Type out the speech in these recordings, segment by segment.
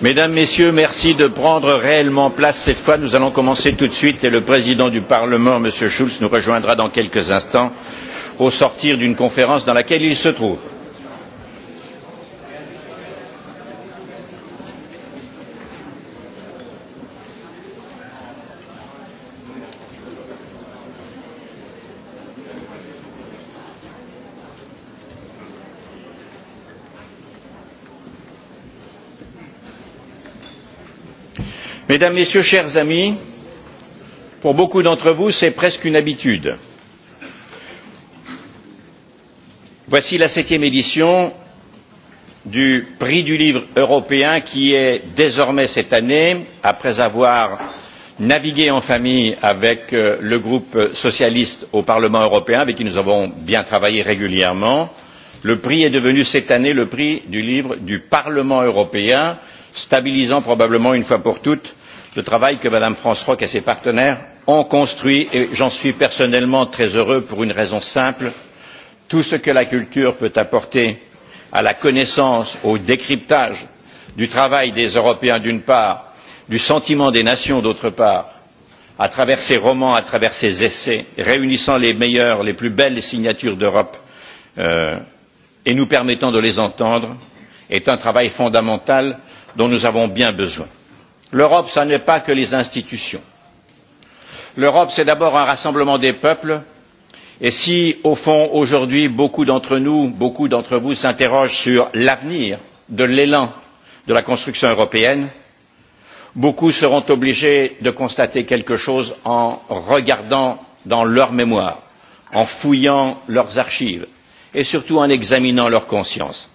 Mesdames, et Messieurs, merci de prendre réellement place cette fois. Nous allons commencer tout de suite et le président du Parlement, M. Schulz, nous rejoindra dans quelques instants au sortir d'une conférence dans laquelle il se trouve. mesdames messieurs chers amis pour beaucoup d'entre vous c'est presque une habitude. voici la septième édition du prix du livre européen qui est désormais cette année après avoir navigué en famille avec le groupe socialiste au parlement européen avec qui nous avons bien travaillé régulièrement le prix est devenu cette année le prix du livre du parlement européen stabilisant probablement une fois pour toutes le travail que mme france Rock et ses partenaires ont construit et j'en suis personnellement très heureux pour une raison simple tout ce que la culture peut apporter à la connaissance au décryptage du travail des européens d'une part du sentiment des nations d'autre part à travers ses romans à travers ses essais réunissant les meilleures les plus belles signatures d'europe et nous permettant de les entendre est un travail fondamental dont nous avons bien besoin l'europe ce n'est pas que les institutions l'europe c'est d'abord un rassemblement des peuples et si au fond aujourd'hui beaucoup d'entre nous beaucoup d'entre vous s'interrogent sur l'avenir de l'élan de la construction européenne beaucoup seront obligés de constater quelque chose en regardant dans leur mémoire en fouillant leurs archives et surtout en examinant leur conscience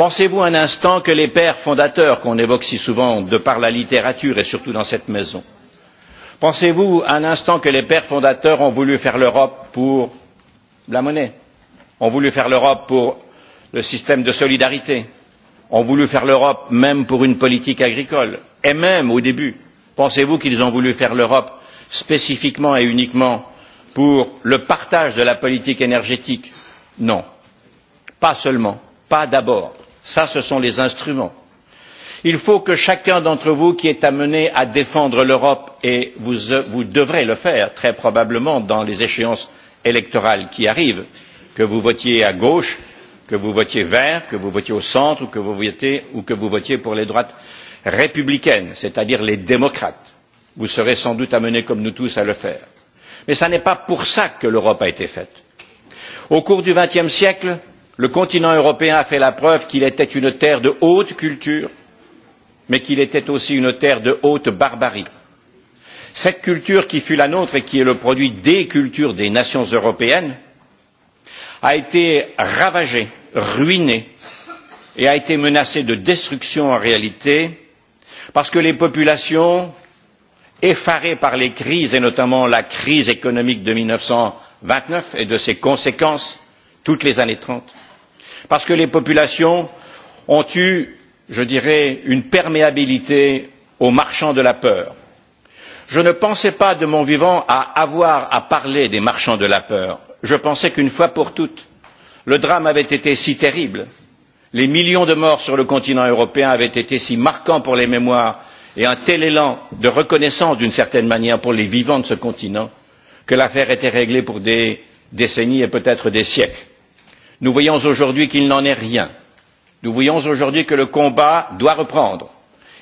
pensez vous un instant que les pères fondateurs qu'on évoque si souvent de par la littérature et surtout dans cette maison pensez vous un instant que les pères fondateurs ont voulu faire l'europe pour la monnaie ont voulu faire l'europe pour le système de solidarité ont voulu faire l'europe même pour une politique agricole et même au début pensez vous qu'ils ont voulu faire l'europe spécifiquement et uniquement pour le partage de la politique énergétique? non pas seulement pas d'abord Ça, ce sont les instruments. Il faut que chacun d'entre vous qui est amené à défendre l'Europe, et vous devrez le faire très probablement dans les échéances électorales qui arrivent, que vous votiez à gauche, que vous votiez vert, que vous votiez au centre, ou que vous votiez pour les droites républicaines, c'est-à-dire les démocrates. Vous serez sans doute amenés, comme nous tous, à le faire. Mais ce n'est pas pour ça que l'Europe a été faite. Au cours du vingtième siècle, le continent européen a fait la preuve qu'il était une terre de haute culture mais qu'il était aussi une terre de haute barbarie. cette culture qui fut la nôtre et qui est le produit des cultures des nations européennes a été ravagée ruinée et a été menacée de destruction en réalité parce que les populations effarées par les crises et notamment la crise économique de mille neuf cent vingt neuf et de ses conséquences toutes les années trente parce que les populations ont eu je dirais une perméabilité aux marchands de la peur. je ne pensais pas de mon vivant à avoir à parler des marchands de la peur je pensais qu'une fois pour toutes le drame avait été si terrible les millions de morts sur le continent européen avaient été si marquants pour les mémoires et un tel élan de reconnaissance d'une certaine manière pour les vivants de ce continent que l'affaire était réglée pour des décennies et peut être des siècles nous voyons aujourd'hui qu'il n'en est rien nous voyons aujourd'hui que le combat doit reprendre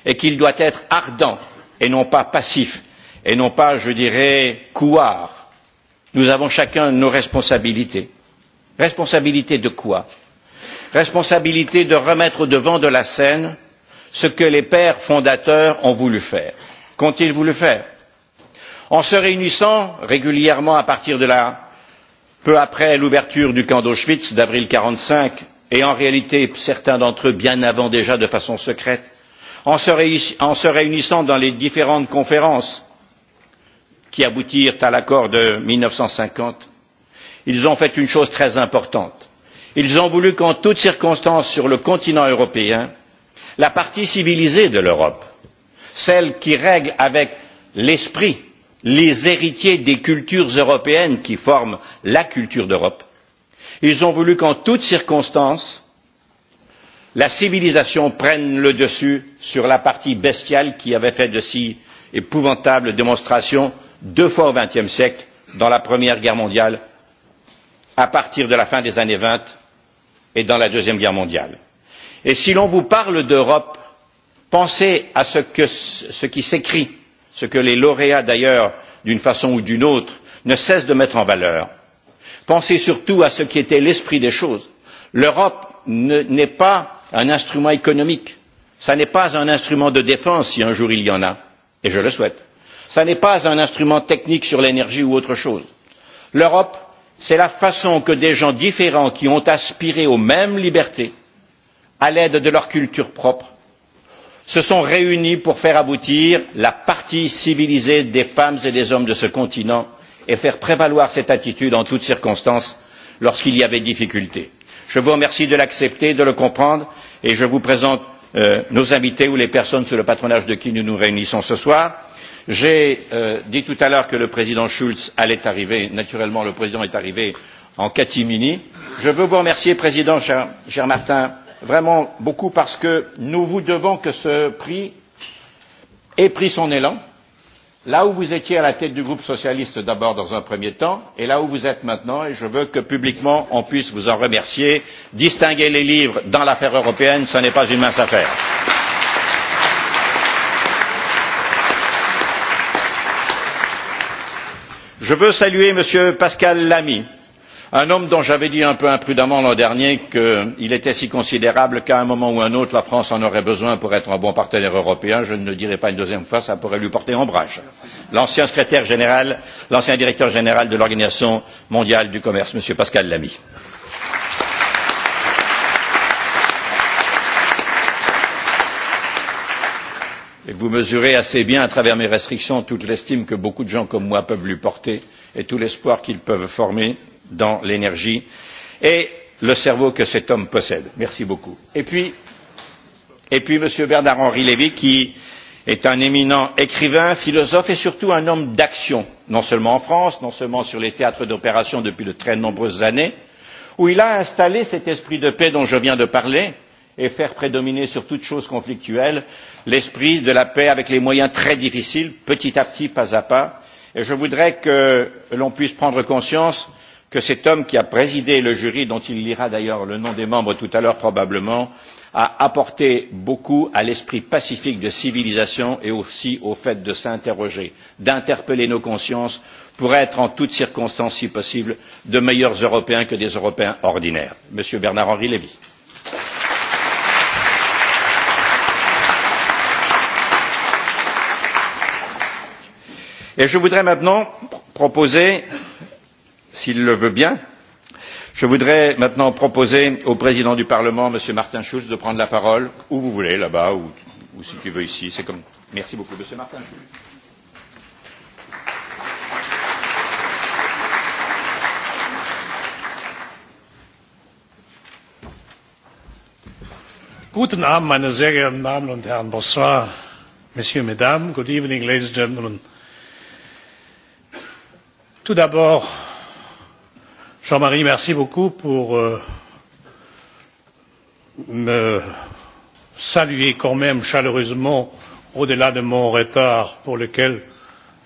et qu'il doit être ardent et non pas passif et non pas je dirais couard. nous avons chacun nos responsabilités. responsabilité de quoi? responsabilité de remettre au devant de la scène ce que les pères fondateurs ont voulu faire. qu'ont ils voulu faire? en se réunissant régulièrement à partir de la peu après l'ouverture du camp d'auschwitz d'avril mille neuf cent quarante cinq et en réalité certains d'entre eux bien avant déjà de façon secrète en se réunissant dans les différentes conférences qui aboutirent à l'accord de mille neuf cent cinquante ils ont fait une chose très importante ils ont voulu qu'en toutes circonstances sur le continent européen la partie civilisée de l'europe celle qui règle avec l'esprit les héritiers des cultures européennes qui forment la culture d'Europe, ils ont voulu qu'en toutes circonstances, la civilisation prenne le dessus sur la partie bestiale qui avait fait de si épouvantables démonstrations deux fois au XXe siècle, dans la Première Guerre mondiale, à partir de la fin des années 20 et dans la Deuxième Guerre mondiale. Et si l'on vous parle d'Europe, pensez à ce qui s'écrit ce que les lauréats d'ailleurs d'une façon ou d'une autre ne cessent de mettre en valeur. pensez surtout à ce qui était l'esprit des choses l'europe n'est pas un instrument économique ce n'est pas un instrument de défense si un jour il y en a et je le souhaite ce n'est pas un instrument technique sur l'énergie ou autre chose. l'europe c'est la façon que des gens différents qui ont aspiré aux mêmes libertés à l'aide de leur culture propre se sont réunis pour faire aboutir la partie civilisée des femmes et des hommes de ce continent et faire prévaloir cette attitude en toutes circonstances lorsqu'il y avait difficulté. je vous remercie de l'accepter de le comprendre et je vous présente nos invités ou les personnes sous le patronage de qui nous nous réunissons ce soir. j'ai dit tout à l'heure que le président schulz allait arriver naturellement le président est arrivé en catimini. je veux vous remercier président cher martin vraiment beaucoup parce que nous vous devons que ce prix ait pris son élan, là où vous étiez à la tête du groupe socialiste d'abord dans un premier temps, et là où vous êtes maintenant, et je veux que publiquement on puisse vous en remercier. Distinguer les livres dans l'affaire européenne, ce n'est pas une mince affaire. Je veux saluer M. Pascal Lamy un homme dont j'avais dit un peu imprudemment l'an dernier qu'il était si considérable qu'à un moment ou à un autre la france en aurait besoin pour être un bon partenaire européen je ne le dirai pas une deuxième fois cela pourrait lui porter ombrage l'ancien secrétaire général l'ancien directeur général de l'organisation mondiale du commerce m. pascal lamy. et vous mesurez assez bien à travers mes restrictions toute l'estime que beaucoup de gens comme moi peuvent lui porter et tout l'espoir qu'ils peuvent former dans l'énergie et le cerveau que cet homme possède. Merci beaucoup. Et puis, et puis M. Bernard Henri Lévy, qui est un éminent écrivain, philosophe et surtout un homme d'action, non seulement en France, non seulement sur les théâtres d'opération depuis de très nombreuses années, où il a installé cet esprit de paix dont je viens de parler, et faire prédominer sur toute chose conflictuelle l'esprit de la paix avec les moyens très difficiles, petit à petit, pas à pas. Et je voudrais que l'on puisse prendre conscience que cet homme qui a présidé le jury, dont il lira d'ailleurs le nom des membres tout à l'heure probablement, a apporté beaucoup à l'esprit pacifique de civilisation et aussi au fait de s'interroger, d'interpeller nos consciences pour être en toutes circonstances, si possible, de meilleurs Européens que des Européens ordinaires. Monsieur Bernard-Henri Lévy. Et je voudrais maintenant proposer, s'il le veut bien, je voudrais maintenant proposer au président du Parlement, M. Martin Schulz, de prendre la parole, où vous voulez, là-bas, ou, si tu veux ici. C'est comme... Merci beaucoup, M. Martin Schulz. Guten Abend, meine sehr geehrten Damen und Herren Bonsoir, Messieurs, Mesdames. Good evening, ladies and gentlemen tout d'abord jean marie merci beaucoup pour me saluer quand même chaleureusement au delà de mon retard pour lequel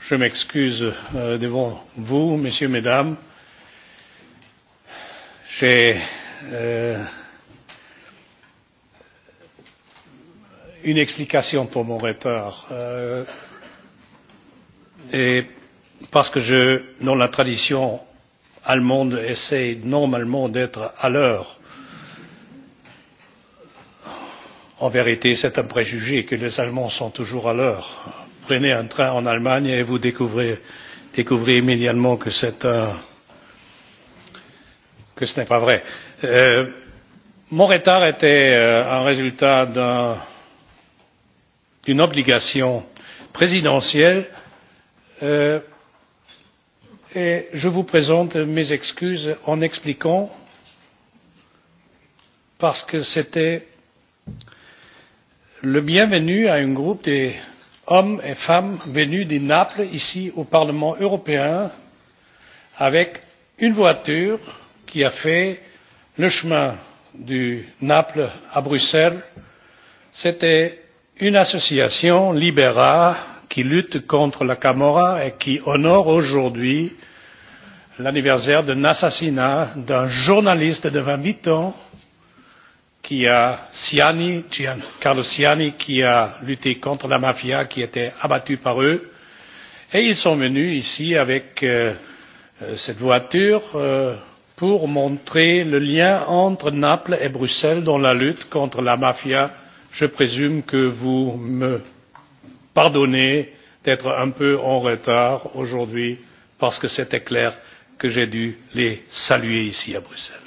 je m'excuse devant vous messieurs mesdames. j'ai une explication pour mon retard et parce que je, dans la tradition allemande, essaie normalement d'être à l'heure. En vérité, c'est un préjugé que les Allemands sont toujours à l'heure. Prenez un train en Allemagne et vous découvrez, découvrez immédiatement que c'est un, que ce n'est pas vrai. mon retard était un résultat d'une obligation présidentielle et je vous présente mes excuses en expliquant parce que c'était le bienvenu à un groupe d'hommes et femmes venus de naples ici au parlement européen avec une voiture qui a fait le chemin de naples à bruxelles. c'était une association libera qui lutte contre la Camorra et qui honore aujourd'hui l'anniversaire d'un assassinat d'un journaliste de 28 ans, qui a Siani, Carlo Siani, qui a lutté contre la mafia, qui était abattu par eux. Et ils sont venus ici avec cette voiture pour montrer le lien entre Naples et Bruxelles dans la lutte contre la mafia. Je présume que vous me pardonner d'être un peu en retard aujourd'hui parce que c'était clair que j'ai dû les saluer ici à bruxelles.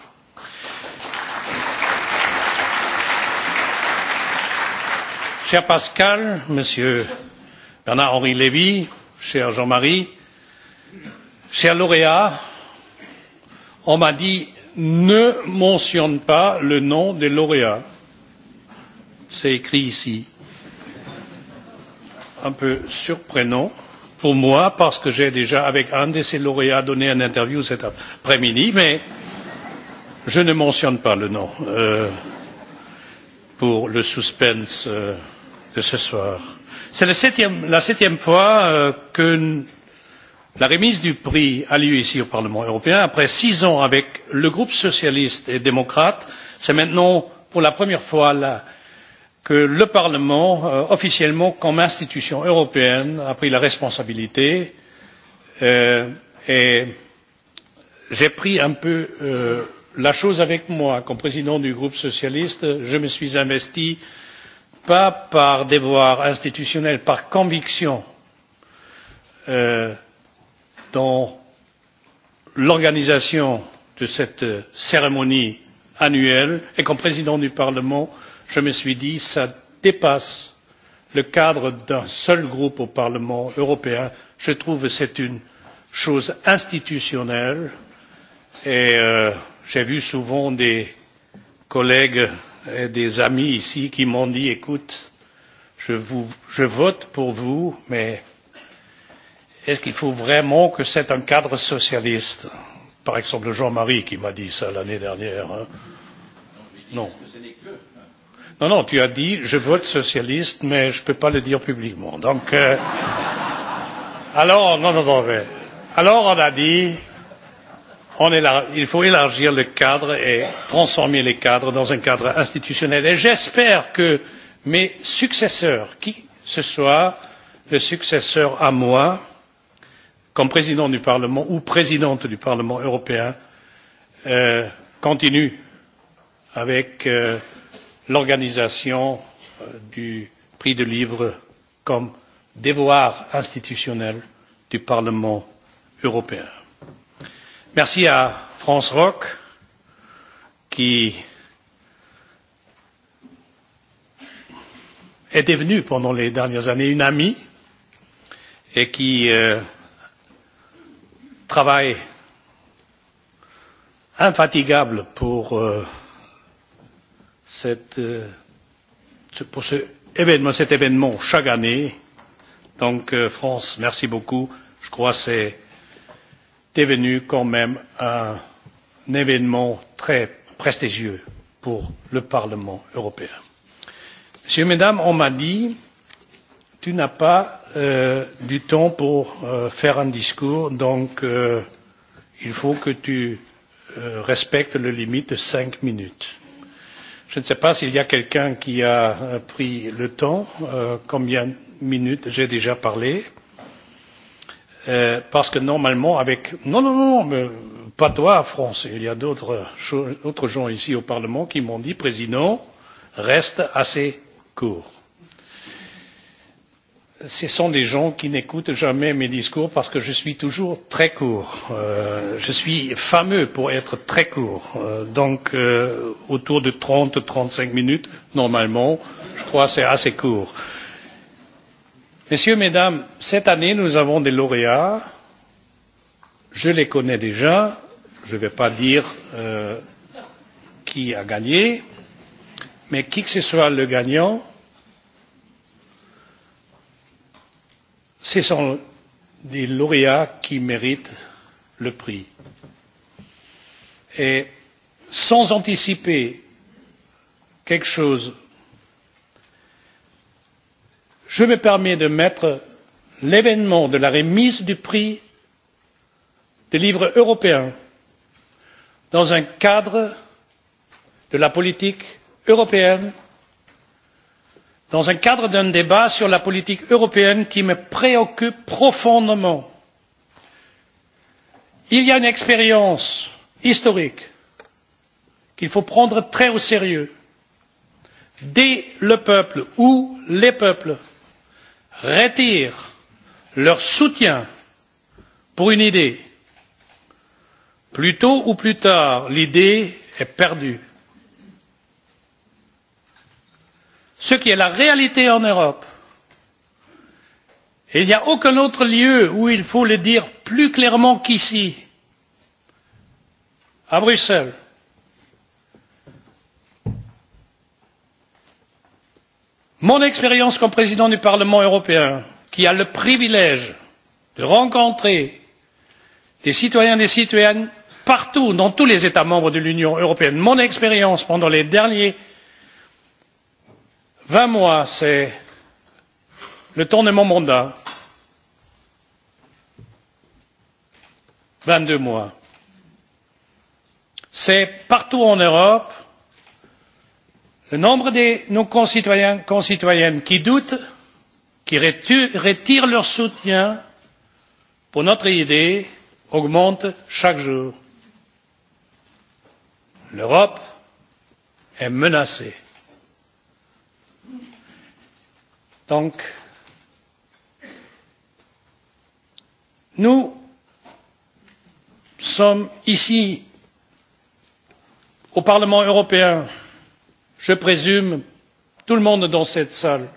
cher pascal monsieur bernard henri lévy cher jean marie cher lauréat on m'a dit ne mentionne pas le nom des lauréats c'est écrit ici un peu surprenant pour moi parce que j'ai déjà avec un de ses lauréats donné une interview cet après midi mais je ne mentionne pas le nom pour le suspense de ce soir. c'est la septième fois que la remise du prix a lieu ici au parlement européen après six ans avec le groupe socialiste et démocrate. c'est maintenant pour la première fois que le Parlement, officiellement comme institution européenne, a pris la responsabilité et j'ai pris un peu la chose avec moi. Comme président du groupe socialiste, je me suis investi pas par devoir institutionnel, par conviction dans l'organisation de cette cérémonie annuelle et comme président du Parlement, je me suis dit cela dépasse le cadre d'un seul groupe au parlement européen je trouve que c'est une chose institutionnelle et j'ai vu souvent des collègues et des amis ici qui m'ont dit écoute je vote pour vous mais est ce qu'il faut vraiment que c'est un cadre socialiste? par exemple jean marie qui m'a dit cela l'année dernière. non Non, non, tu as dit, je vote socialiste, mais je ne peux pas le dire publiquement. Donc, alors, non, non, alors on a dit, il faut élargir le cadre et transformer les cadres dans un cadre institutionnel. Et j'espère que mes successeurs, qui ce soit le successeur à moi, comme président du Parlement ou présidente du Parlement européen, continuent avec l'organisation du prix du livre comme devoir institutionnel du Parlement européen. Merci à France Roch qui est devenue pendant les dernières années une amie et qui travaille infatigable pour pour cet événement chaque année. Donc, France, merci beaucoup. Je crois que c'est devenu quand même un événement très prestigieux pour le Parlement européen. Messieurs, Mesdames, on m'a dit tu n'as pas du temps pour faire un discours, donc il faut que tu respectes le limite de cinq minutes Je ne sais pas s'il y a quelqu'un qui a pris le temps, combien de minutes j'ai déjà parlé, parce que normalement avec... Non, non, non, mais pas toi, France. Il y a d'autres gens ici au Parlement qui m'ont dit, Président, reste assez court ce sont des gens qui n'écoutent jamais mes discours parce que je suis toujours très court. Je suis fameux pour être très court. Donc, autour de 30-35 minutes, normalement, je crois que c'est assez court. Messieurs, Mesdames, cette année, nous avons des lauréats. Je les connais déjà. Je ne vais pas dire qui a gagné. Mais qui que ce soit le gagnant, ce sont des lauréats qui méritent le prix. Et sans anticiper quelque chose, je me permets de mettre l'événement de la remise du prix des livres européens dans un cadre de la politique européenne dans un cadre d'un débat sur la politique européenne qui me préoccupe profondément. il y a une expérience historique qu'il faut prendre très au sérieux dès le peuple ou les peuples retirent leur soutien pour une idée plus tôt ou plus tard l'idée est perdue. ce qui est la réalité en europe. il n'y a aucun autre lieu où il faut le dire plus clairement qu'ici à bruxelles. mon expérience comme président du parlement européen qui a le privilège de rencontrer des citoyens et des citoyennes partout dans tous les états membres de l'union européenne mon expérience pendant les derniers vingt mois c'est le temps de mon mandat vingt deux mois. c'est partout en europe le nombre de nos concitoyens et concitoyennes qui doutent qui retirent leur soutien pour notre idée augmente chaque jour. l'europe est menacée. Donc, nous sommes ici au Parlement européen, je présume tout le monde dans cette salle,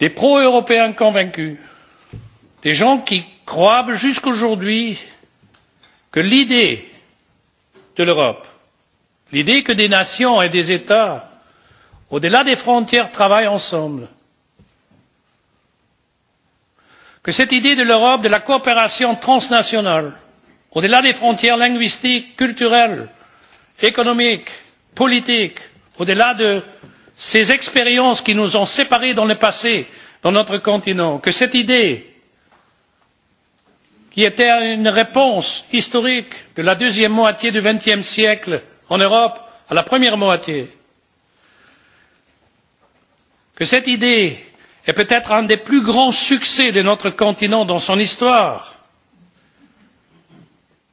des pro-européens convaincus, des gens qui croient jusqu'à aujourd'hui que l'idée de l'Europe, l'idée que des nations et des États, au-delà des frontières, travaillent ensemble, que cette idée de l'Europe, de la coopération transnationale, au delà des frontières linguistiques, culturelles, économiques, politiques, au delà de ces expériences qui nous ont séparés dans le passé, dans notre continent, que cette idée qui était une réponse historique de la deuxième moitié du vingtième siècle en Europe à la première moitié, que cette idée est peut être un des plus grands succès de notre continent dans son histoire.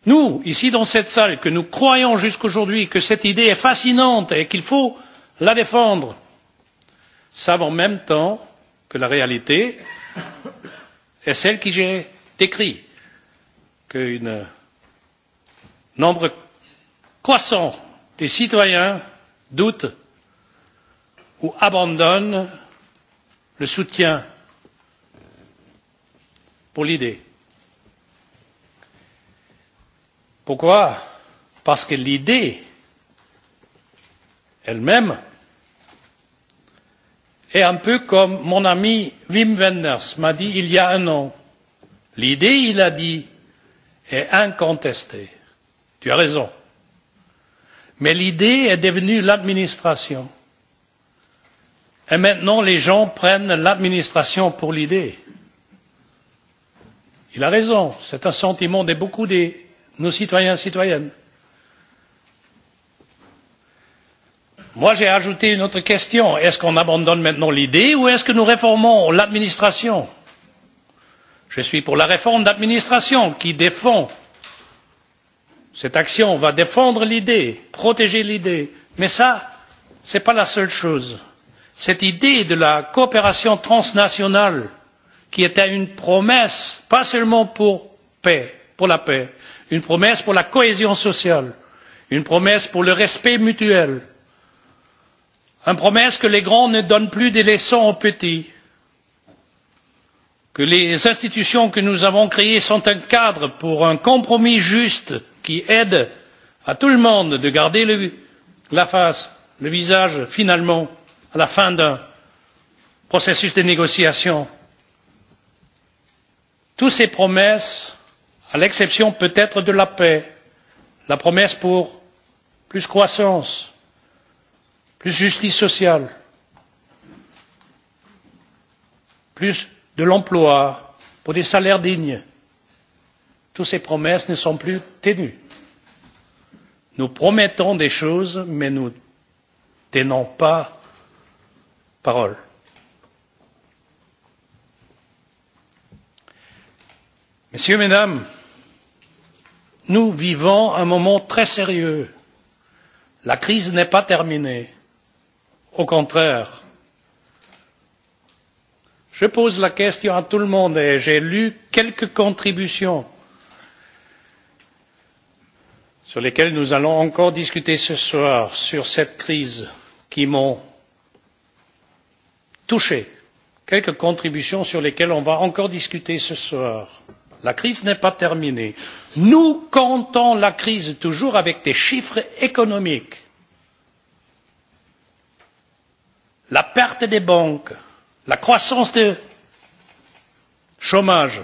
nous ici dans cette salle que nous croyons jusqu'à aujourd'hui, que cette idée est fascinante et qu'il faut la défendre savons en même temps que la réalité est celle que j'ai décrite qu'un nombre croissant des citoyens doutent ou abandonnent le soutien pour l'idée. Pourquoi Parce que l'idée elle-même est un peu comme mon ami Wim Wenders m'a dit il y a un an. L'idée, il a dit, est incontestée. Tu as raison. Mais l'idée est devenue l'administration. Et maintenant, les gens prennent l'administration pour l'idée. Il a raison, c'est un sentiment de beaucoup de nos citoyens et citoyennes. Moi, j'ai ajouté une autre question. Est-ce qu'on abandonne maintenant l'idée ou est-ce que nous réformons l'administration Je suis pour la réforme d'administration qui défend. Cette action va défendre l'idée, protéger l'idée. Mais ça, ce n'est pas la seule chose cette idée de la coopération transnationale qui était une promesse pas seulement pour la paix une promesse pour la cohésion sociale une promesse pour le respect mutuel une promesse que les grands ne donnent plus des leçons aux petits que les institutions que nous avons créées sont un cadre pour un compromis juste qui aide à tout le monde de garder la face le visage finalement à la fin d'un processus de négociation. Toutes ces promesses, à l'exception peut-être de la paix, la promesse pour plus croissance, plus justice sociale, plus de l'emploi, pour des salaires dignes, toutes ces promesses ne sont plus tenues. Nous promettons des choses, mais nous ne tenons pas parole. Messieurs, Mesdames, nous vivons un moment très sérieux. La crise n'est pas terminée. Au contraire, je pose la question à tout le monde et j'ai lu quelques contributions sur lesquelles nous allons encore discuter ce soir sur cette crise qui m'ont touché quelques contributions sur lesquelles on va encore discuter ce soir. la crise n'est pas terminée. nous comptons la crise toujours avec des chiffres économiques la perte des banques la croissance du chômage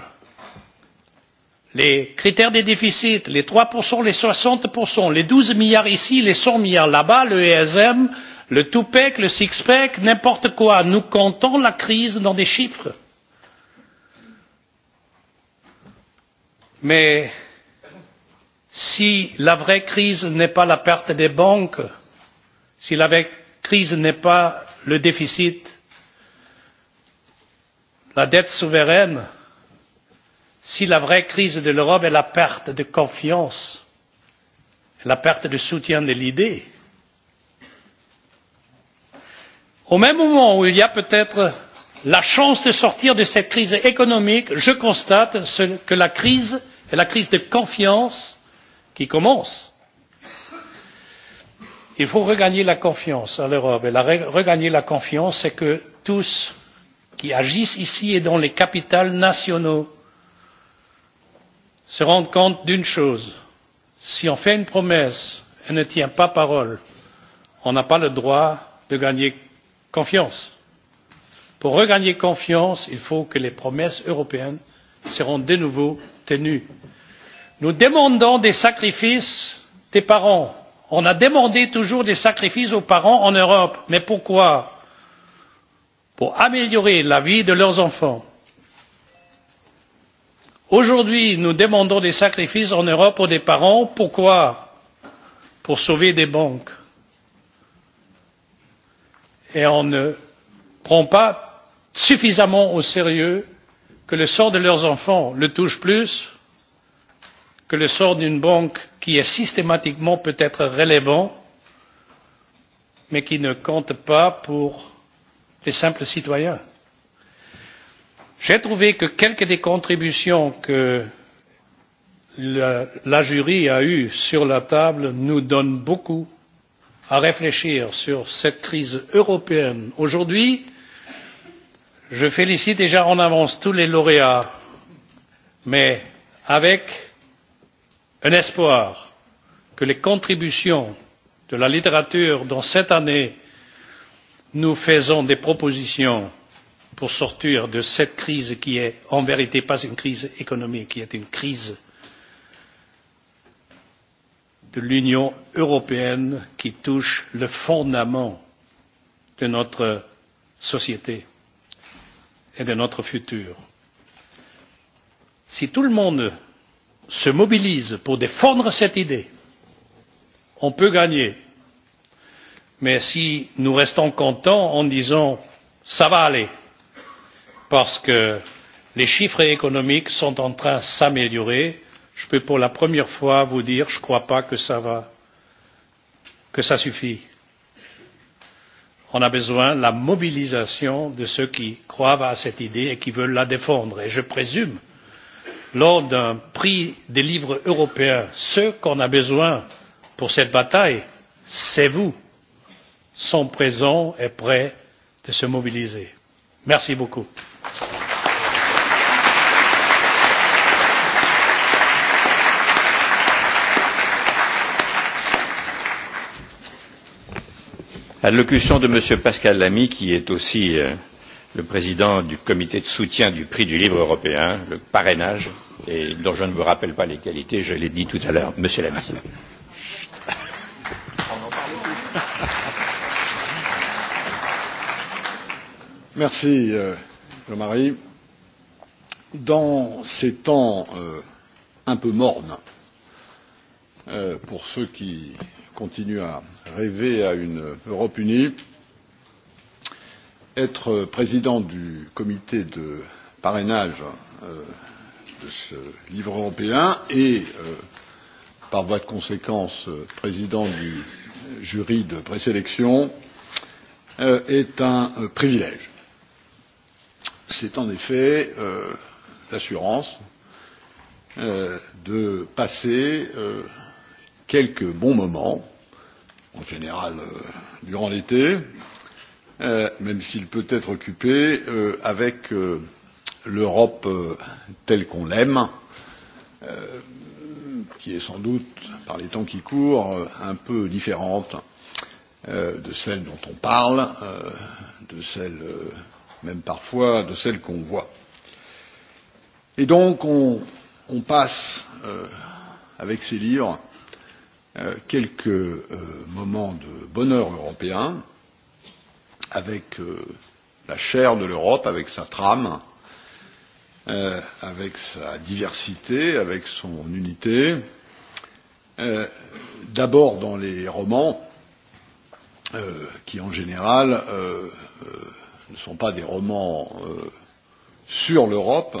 les critères des déficits les trois les soixante les douze milliards ici les cent milliards là bas le esm le two pack le six pack n'importe quoi nous comptons la crise dans des chiffres mais si la vraie crise n'est pas la perte des banques si la vraie crise n'est pas le déficit la dette souveraine si la vraie crise de l'europe est la perte de confiance la perte de soutien de l'idée au même moment où il y a peut être la chance de sortir de cette crise économique je constate que la crise est la crise de confiance qui commence. il faut regagner la confiance à l'europe et regagner la confiance c'est que tous qui agissent ici et dans les capitales nationaux se rendent compte d'une chose si on fait une promesse et ne tient pas parole on n'a pas le droit de gagner confiance. Pour regagner confiance, il faut que les promesses européennes seront de nouveau tenues. Nous demandons des sacrifices des parents. On a demandé toujours des sacrifices aux parents en Europe. Mais pourquoi Pour améliorer la vie de leurs enfants. Aujourd'hui, nous demandons des sacrifices en Europe aux des parents. Pourquoi Pour sauver des banques et on ne prend pas suffisamment au sérieux que le sort de leurs enfants les touche plus que le sort d'une banque qui est systématiquement peut être relevant mais qui ne compte pas pour les simples citoyens. j'ai trouvé que quelques des contributions que la jury a eues sur la table nous donnent beaucoup à réfléchir sur cette crise européenne aujourd'hui. Je félicite déjà en avance tous les lauréats, mais avec un espoir que les contributions de la littérature dans cette année, nous faisons des propositions pour sortir de cette crise qui est en vérité pas une crise économique, qui est une crise de l'Union européenne qui touche le fondement de notre société et de notre futur. Si tout le monde se mobilise pour défendre cette idée, on peut gagner. Mais si nous restons contents en disant ça va aller, parce que les chiffres économiques sont en train de s'améliorer, je peux pour la première fois vous dire je ne crois pas que ça va que ça suffit. On a besoin de la mobilisation de ceux qui croient à cette idée et qui veulent la défendre. Et je présume, lors d'un prix des livres européens, ceux qu'on a besoin pour cette bataille, c'est vous, sont présents et prêts de se mobiliser. Merci beaucoup. L'allocution de M. Pascal Lamy, qui est aussi le président du comité de soutien du prix du livre européen, le parrainage, et dont je ne vous rappelle pas les qualités, je l'ai dit tout à l'heure. Monsieur Lamy. Merci, Jean-Marie. Dans ces temps un peu mornes, pour ceux qui continue à rêver à une Europe unie. Être président du comité de parrainage de ce livre européen et, par voie de conséquence, président du jury de présélection est un privilège. C'est en effet l'assurance de passer quelques bons moments, en général durant l'été, même s'il peut être occupé avec l'Europe telle qu'on l'aime, qui est sans doute, par les temps qui courent, un peu différente de celle dont on parle, de celle même parfois de celle qu'on voit. Et donc on passe avec ces livres quelques moments de bonheur européen avec la chair de l'Europe, avec sa trame, avec sa diversité, avec son unité. D'abord dans les romans, qui en général ne sont pas des romans sur l'Europe,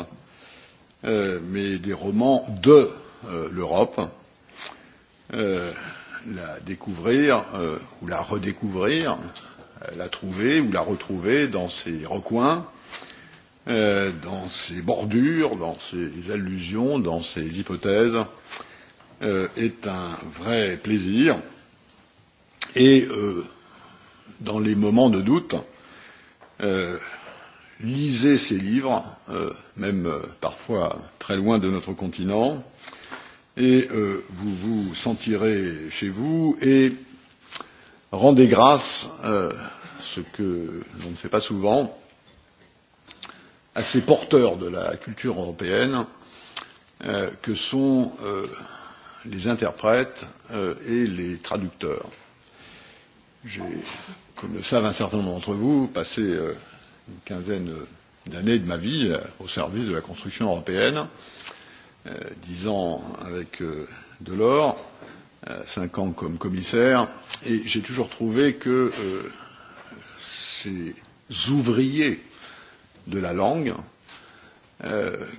mais des romans de l'Europe la découvrir ou la redécouvrir, la trouver ou la retrouver dans ses recoins, dans ses bordures, dans ses allusions, dans ses hypothèses, est un vrai plaisir et dans les moments de doute, lisez ces livres, même parfois très loin de notre continent, et vous vous sentirez chez vous et rendez grâce, ce que l'on ne fait pas souvent, à ces porteurs de la culture européenne que sont les interprètes et les traducteurs. J'ai, comme le savent un certain nombre d'entre vous, passé une quinzaine d'années de ma vie au service de la construction européenne dix ans avec Delors, cinq ans comme commissaire, et j'ai toujours trouvé que ces ouvriers de la langue,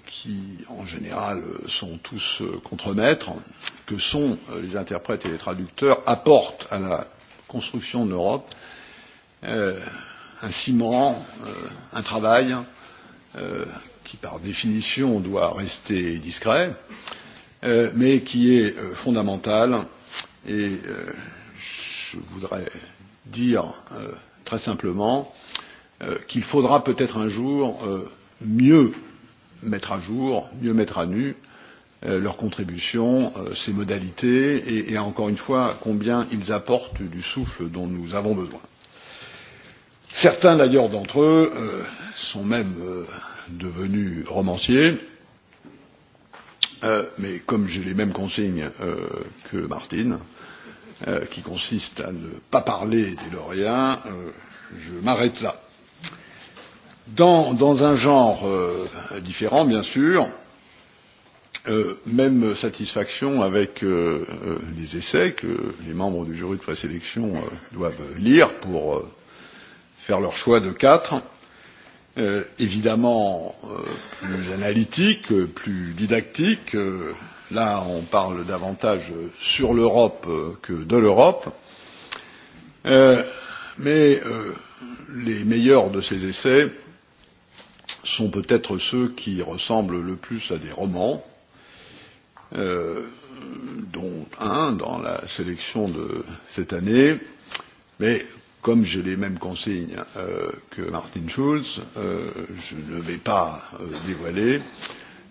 qui en général sont tous contremaîtres, que sont les interprètes et les traducteurs, apportent à la construction de l'Europe un ciment, un travail qui par définition doit rester discret mais qui est fondamental et je voudrais dire très simplement qu'il faudra peut être un jour mieux mettre à jour mieux mettre à nu leurs contributions ces modalités et encore une fois combien ils apportent du souffle dont nous avons besoin. certains d'ailleurs d'entre eux sont même devenu romancier mais comme j'ai les mêmes consignes que Martine, qui consiste à ne pas parler des lauréats, je m'arrête là. Dans un genre différent, bien sûr, même satisfaction avec les essais que les membres du jury de présélection doivent lire pour faire leur choix de quatre évidemment plus analytique, plus didactique. Là, on parle davantage sur l'Europe que de l'Europe. Mais les meilleurs de ces essais sont peut-être ceux qui ressemblent le plus à des romans, dont un dans la sélection de cette année. Mais Comme j'ai les mêmes consignes que Martin Schulz, je ne vais pas dévoiler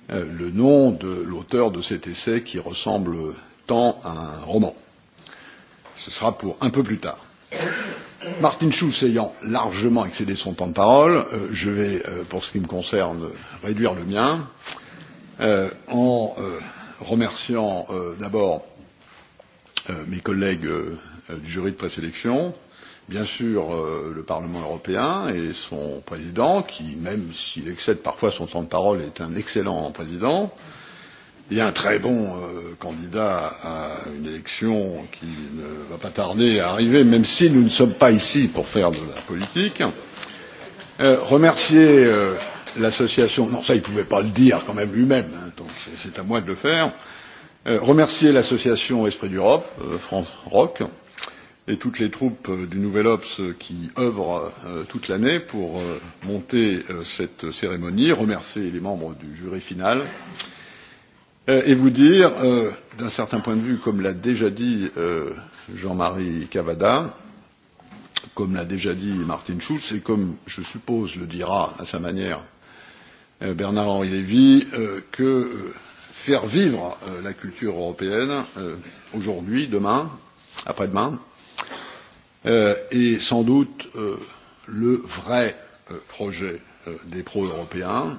le nom de l'auteur de cet essai qui ressemble tant à un roman. Ce sera pour un peu plus tard. Martin Schulz ayant largement excédé son temps de parole, je vais, pour ce qui me concerne, réduire le mien en remerciant d'abord mes collègues du jury de présélection, bien sûr le Parlement européen et son président, qui, même s'il excède parfois son temps de parole, est un excellent président et un très bon candidat à une élection qui ne va pas tarder à arriver, même si nous ne sommes pas ici pour faire de la politique. Remercier l'association non ça il ne pouvait pas le dire quand même lui même, donc c'est à moi de le faire remercier l'association Esprit d'Europe, France Rock et toutes les troupes du Nouvel Ops qui œuvrent toute l'année pour monter cette cérémonie, remercier les membres du jury final et vous dire, d'un certain point de vue, comme l'a déjà dit Jean-Marie Cavada, comme l'a déjà dit Martin Schulz et comme, je suppose, le dira à sa manière Bernard-Henri Lévy, que faire vivre la culture européenne aujourd'hui, demain, après-demain, et sans doute le vrai projet des pro-européens.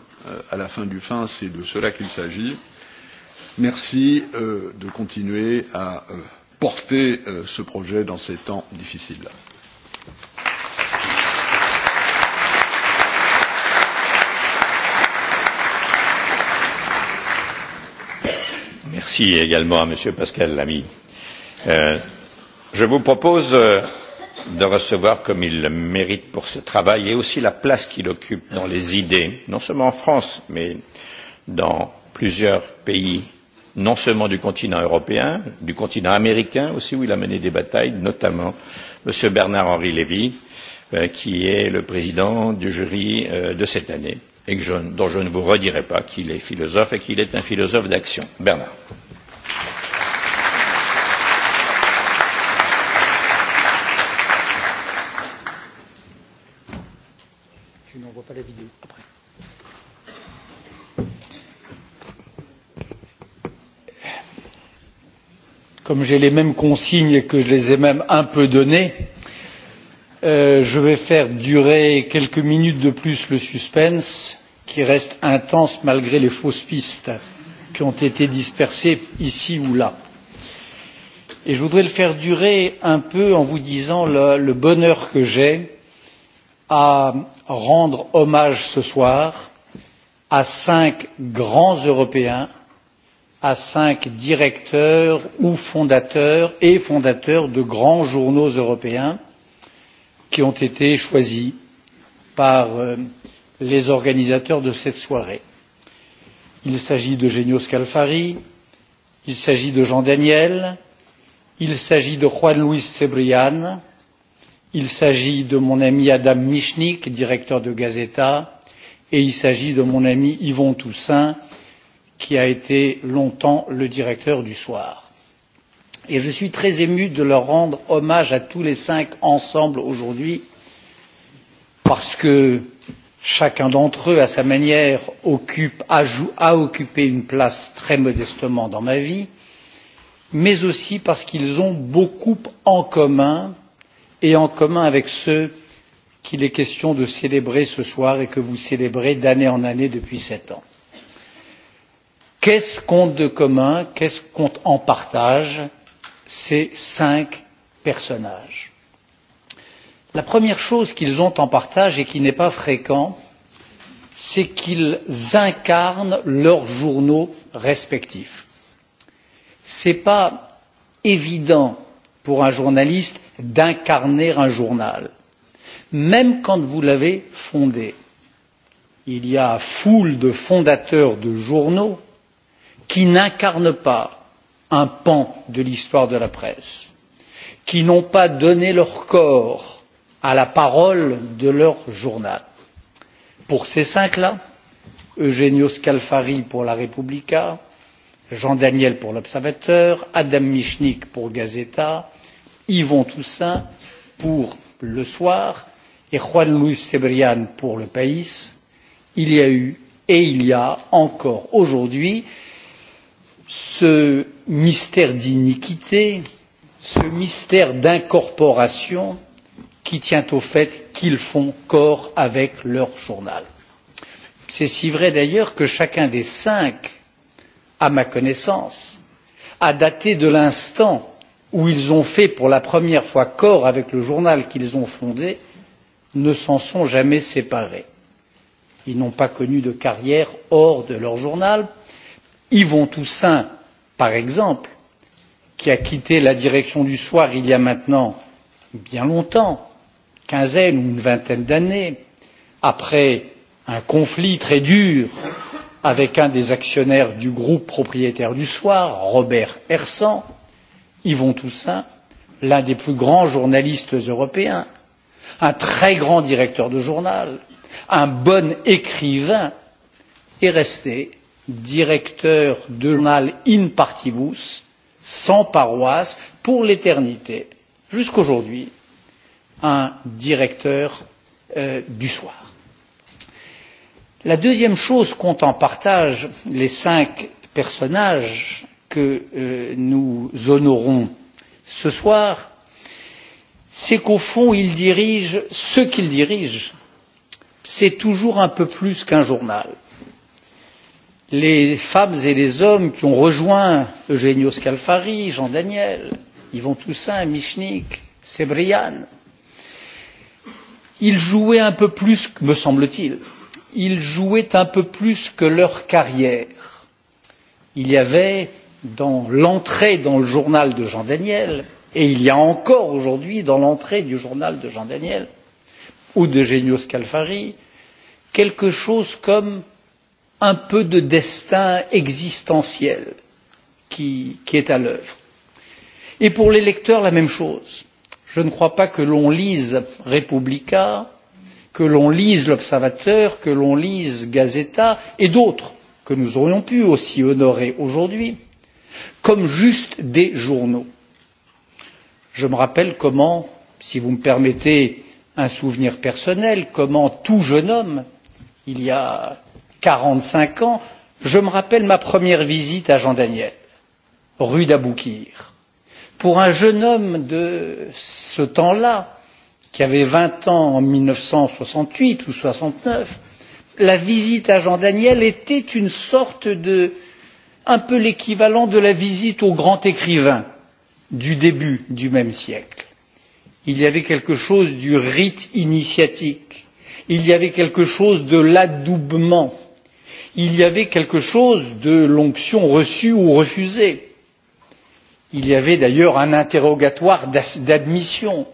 À la fin du fin, c'est de cela qu'il s'agit. Merci de continuer à porter ce projet dans ces temps difficiles. Merci également à Monsieur Pascal Lamy. Je vous propose de recevoir comme il le mérite pour ce travail et aussi la place qu'il occupe dans les idées, non seulement en France, mais dans plusieurs pays, non seulement du continent européen, du continent américain aussi, où il a mené des batailles, notamment M. Bernard-Henri Lévy, qui est le président du jury de cette année, et dont je ne vous redirai pas qu'il est philosophe et qu'il est un philosophe d'action. Bernard. comme j'ai les mêmes consignes et que je les ai même un peu données je vais faire durer quelques minutes de plus le suspense qui reste intense malgré les fausses pistes qui ont été dispersées ici ou là. Et je voudrais le faire durer un peu en vous disant le bonheur que j'ai à rendre hommage ce soir à cinq grands Européens à cinq directeurs ou fondateurs et fondateurs de grands journaux européens qui ont été choisis par les organisateurs de cette soirée. Il s'agit de Genio Scalfari, il s'agit de Jean Daniel, il s'agit de Juan Luis Cebrian, il s'agit de mon ami Adam Michnik, directeur de Gazeta, et il s'agit de mon ami Yvon Toussaint, qui a été longtemps le directeur du soir et je suis très ému de leur rendre hommage à tous les cinq ensemble aujourd'hui parce que chacun d'entre eux à sa manière occupe a occupé une place très modestement dans ma vie mais aussi parce qu'ils ont beaucoup en commun et en commun avec ceux qu'il est question de célébrer ce soir et que vous célébrez d'année en année depuis sept ans qu'est ce qu'ont de commun qu'est ce qu'ont en partage ces cinq personnages? la première chose qu'ils ont en partage et qui n'est pas fréquente c'est qu'ils incarnent leurs journaux respectifs. ce n'est pas évident pour un journaliste d'incarner un journal même quand vous l'avez fondé. il y a foule de fondateurs de journaux qui n'incarnent pas un pan de l'histoire de la presse, qui n'ont pas donné leur corps à la parole de leur journal. Pour ces cinq là, Eugenio Scalfari pour La Repubblica, Jean Daniel pour l'Observateur, Adam Michnik pour Gazeta, Yvon Toussaint pour Le Soir et Juan Luis Cebrian pour Le País, il y a eu et il y a encore aujourd'hui ce mystère d'iniquité, ce mystère d'incorporation qui tient au fait qu'ils font corps avec leur journal. C'est si vrai d'ailleurs que chacun des cinq, à ma connaissance, a daté de l'instant où ils ont fait pour la première fois corps avec le journal qu'ils ont fondé, ne s'en sont jamais séparés. Ils n'ont pas connu de carrière hors de leur journal Yvon Toussaint, par exemple, qui a quitté la direction du soir il y a maintenant bien longtemps, quinzaine ou une vingtaine d'années, après un conflit très dur avec un des actionnaires du groupe propriétaire du soir, Robert Hersan, Yvon Toussaint, l'un des plus grands journalistes européens, un très grand directeur de journal, un bon écrivain, est resté directeur de journal In Partibus, sans paroisse, pour l'éternité, jusqu'aujourd'hui, un directeur du soir. La deuxième chose qu'ont en partage les cinq personnages que nous honorons ce soir, c'est qu'au fond, ils dirigent ce qu'ils dirigent, c'est toujours un peu plus qu'un journal les femmes et les hommes qui ont rejoint Eugenio Scalfari, Jean Daniel, Yvon Toussaint, Michnik, Sebrian, ils jouaient un peu plus, me semble-t-il, ils jouaient un peu plus que leur carrière. Il y avait dans l'entrée dans le journal de Jean Daniel, et il y a encore aujourd'hui dans l'entrée du journal de Jean Daniel, ou de Scalfari, quelque chose comme un peu de destin existentiel qui est à l'œuvre. Et pour les lecteurs, la même chose. Je ne crois pas que l'on lise Republica, que l'on lise L'Observateur, que l'on lise Gazeta et d'autres que nous aurions pu aussi honorer aujourd'hui, comme juste des journaux. Je me rappelle comment, si vous me permettez un souvenir personnel, comment tout jeune homme, il y a quarante cinq ans je me rappelle ma première visite à jean daniel rue d'aboukir pour un jeune homme de ce temps là qui avait vingt ans en mille neuf cent soixante huit ou soixante neuf la visite à jean daniel était une sorte de un peu l'équivalent de la visite au grand écrivain du début du même siècle. il y avait quelque chose du rite initiatique il y avait quelque chose de l'adoubement il y avait quelque chose de l'onction reçue ou refusée. Il y avait d'ailleurs un interrogatoire d'admission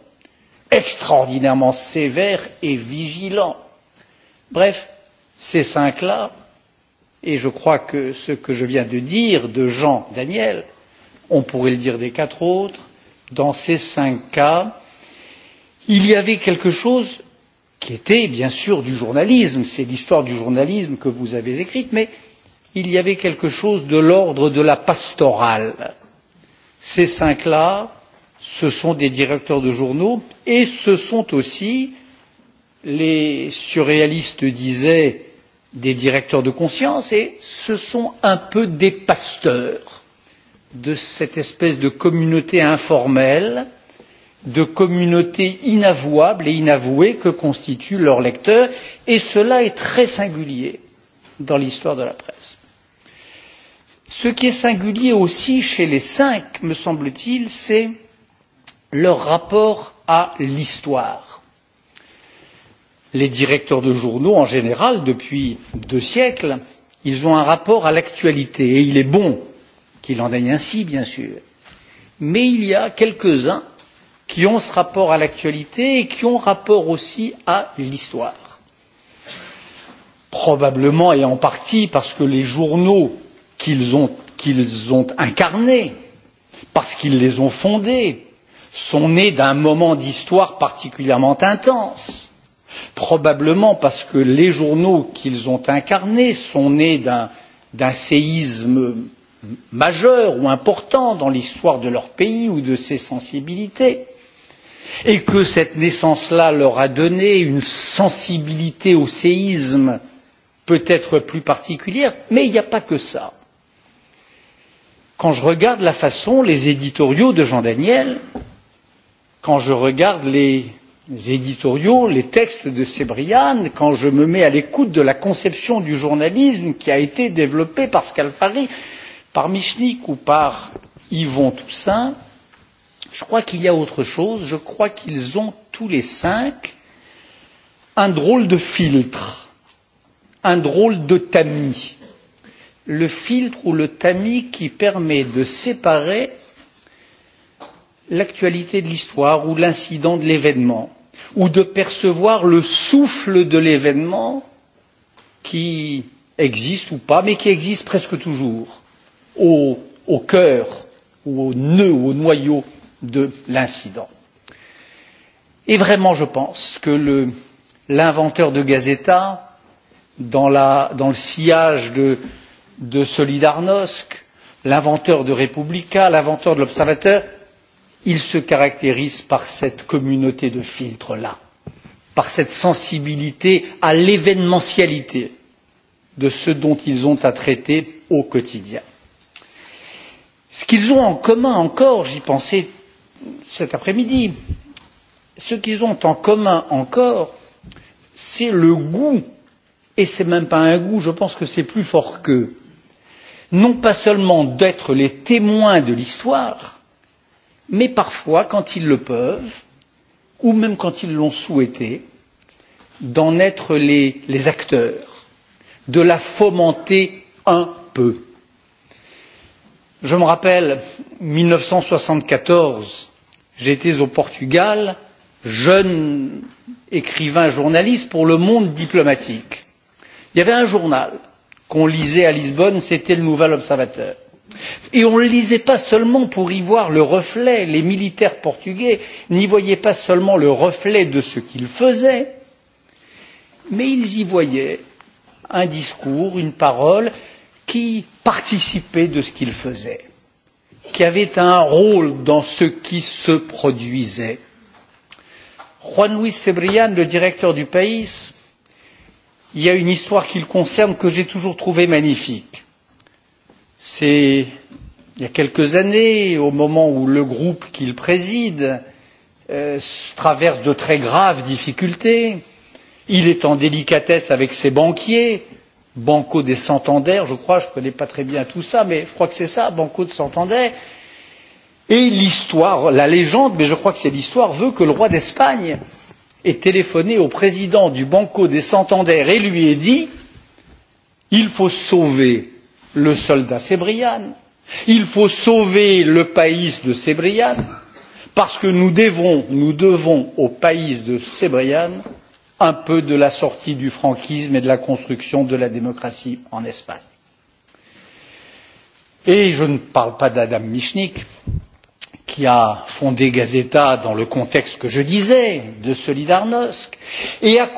extraordinairement sévère et vigilant. Bref, ces cinq là, et je crois que ce que je viens de dire de Jean Daniel, on pourrait le dire des quatre autres, dans ces cinq cas, il y avait quelque chose qui était bien sûr du journalisme c'est l'histoire du journalisme que vous avez écrite mais il y avait quelque chose de l'ordre de la pastorale. ces cinq là ce sont des directeurs de journaux et ce sont aussi les surréalistes disaient des directeurs de conscience et ce sont un peu des pasteurs de cette espèce de communauté informelle de communauté inavouable et inavouée que constituent leurs lecteurs et cela est très singulier dans l'histoire de la presse. Ce qui est singulier aussi chez les cinq, me semble t il, c'est leur rapport à l'histoire. Les directeurs de journaux, en général, depuis deux siècles, ils ont un rapport à l'actualité, et il est bon qu'il en aille ainsi, bien sûr. Mais il y a quelques uns qui ont ce rapport à l'actualité et qui ont rapport aussi à l'histoire. Probablement et en partie parce que les journaux qu'ils ont, qu'ils incarnés, parce qu'ils les ont fondés, sont nés d'un moment d'histoire particulièrement intense. Probablement parce que les journaux qu'ils ont incarnés sont nés d'un séisme majeur ou important dans l'histoire de leur pays ou de ses sensibilités et que cette naissance là leur a donné une sensibilité au séisme peut être plus particulière mais il n'y a pas que ça. quand je regarde la façon les éditoriaux de jean daniel quand je regarde les éditoriaux les textes de Sebrian, quand je me mets à l'écoute de la conception du journalisme qui a été développée par scalfari par michnik ou par yvon toussaint Je crois qu'il y a autre chose. Je crois qu'ils ont tous les cinq un drôle de filtre, un drôle de tamis. Le filtre ou le tamis qui permet de séparer l'actualité de l'histoire ou l'incident de l'événement, ou de percevoir le souffle de l'événement qui existe ou pas, mais qui existe presque toujours, au cœur, ou au nœud, au noyau de l'incident. Et vraiment, je pense que l'inventeur de Gazeta, dans le sillage de Solidarnosc, l'inventeur de Republica, l'inventeur de l'Observateur, il se caractérise par cette communauté de filtres-là, par cette sensibilité à l'événementialité de ce dont ils ont à traiter au quotidien. Ce qu'ils ont en commun encore, j'y pensais cet après midi ce qu'ils ont en commun encore c'est le goût et ce n'est même pas un goût je pense que c'est plus fort qu'eux non pas seulement d'être les témoins de l'histoire mais parfois quand ils le peuvent ou même quand ils l'ont souhaité d'en être les acteurs de la fomenter un peu je me rappelle en mille neuf cent soixante quatorze j'étais au portugal jeune écrivain journaliste pour le monde diplomatique. il y avait un journal qu'on lisait à lisbonne c'était le nouvel observateur et on ne le lisait pas seulement pour y voir le reflet les militaires portugais n'y voyaient pas seulement le reflet de ce qu'ils faisaient mais ils y voyaient un discours une parole qui participait de ce qu'il faisait, qui avait un rôle dans ce qui se produisait. Juan Luis Cebrian, le directeur du pays, il y a une histoire qui le concerne que j'ai toujours trouvée magnifique. C'est il y a quelques années, au moment où le groupe qu'il préside traverse de très graves difficultés, il est en délicatesse avec ses banquiers, Banco des Santander, je crois, je ne connais pas très bien tout ça, mais je crois que c'est ça, Banco de Santander. Et l'histoire, la légende, mais je crois que c'est l'histoire, veut que le roi d'Espagne ait téléphoné au président du Banco des Santander et lui ait dit Il faut sauver le soldat Sebrian, il faut sauver le pays de Sebrian, parce que nous devons, nous devons au pays de Sebrian un peu de la sortie du franquisme et de la construction de la démocratie en Espagne. Et je ne parle pas d'Adam Michnik, qui a fondé Gazeta dans le contexte que je disais, de Solidarnosc, et à,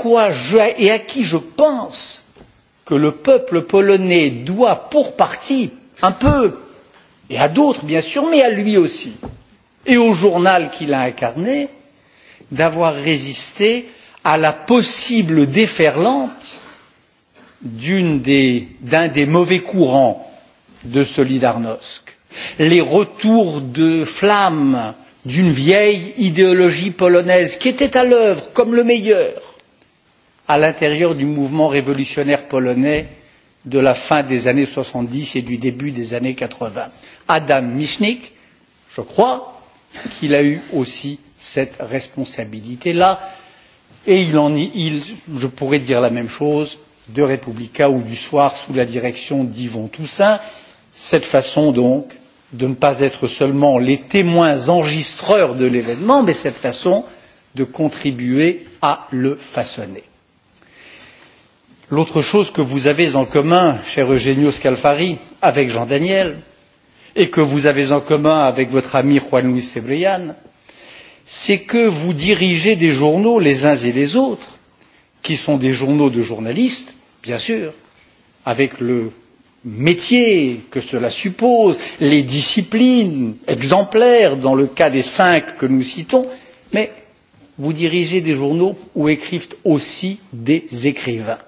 et à qui je pense que le peuple polonais doit pour partie, un peu, et à d'autres bien sûr, mais à lui aussi, et au journal qu'il a incarné, d'avoir résisté à la possible déferlante d'un des mauvais courants de Solidarnosc, les retours de flammes d'une vieille idéologie polonaise qui était à l'œuvre comme le meilleur à l'intérieur du mouvement révolutionnaire polonais de la fin des années 70 et du début des années 80. Adam Michnik, je crois qu'il a eu aussi cette responsabilité-là et je pourrais dire la même chose de republica ou du soir sous la direction d'yvon toussaint cette façon donc de ne pas être seulement les témoins enregistreurs de l'événement mais cette façon de contribuer à le façonner. l'autre chose que vous avez en commun cher eugenio scalfari avec jean daniel et que vous avez en commun avec votre ami juan luis cebrian c'est que vous dirigez des journaux les uns et les autres qui sont des journaux de journalistes bien sûr avec le métier que cela suppose les disciplines exemplaires dans le cas des cinq que nous citons mais vous dirigez des journaux où écrivent aussi des écrivains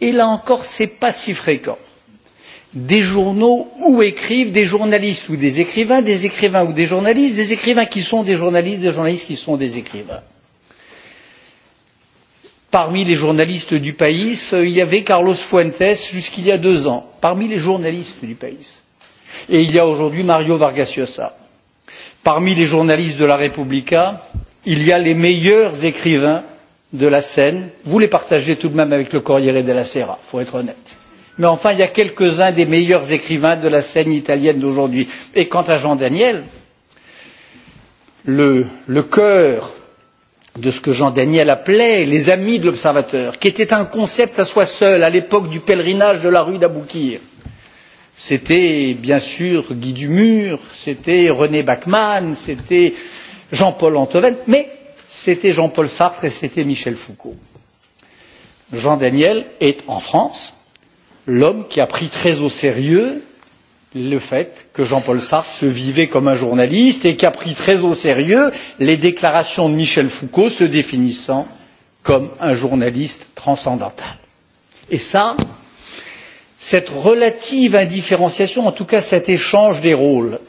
et là encore ce n'est pas si fréquent des journaux où écrivent des journalistes ou des écrivains, des écrivains ou des journalistes, des écrivains qui sont des journalistes, des journalistes qui sont des écrivains. Parmi les journalistes du pays, il y avait Carlos Fuentes jusqu'il y a deux ans, parmi les journalistes du pays. Et il y a aujourd'hui Mario Vargas Llosa. Parmi les journalistes de la Repubblica, il y a les meilleurs écrivains de la scène. Vous les partagez tout de même avec le Corriere della Sera, il faut être honnête mais enfin il y a quelques uns des meilleurs écrivains de la scène italienne d'aujourd'hui. et quant à jean daniel le cœur de ce que jean daniel appelait les amis de l'observateur qui était un concept à soi seul à l'époque du pèlerinage de la rue d'aboukir c'était bien sûr guy dumur c'était rené bachmann c'était jean paul antoven mais c'était jean paul sartre et c'était michel foucault. jean daniel est en france l'homme qui a pris très au sérieux le fait que Jean Paul Sartre se vivait comme un journaliste et qui a pris très au sérieux les déclarations de Michel Foucault se définissant comme un journaliste transcendantal. Et ça, cette relative indifférenciation, en tout cas cet échange des rôles,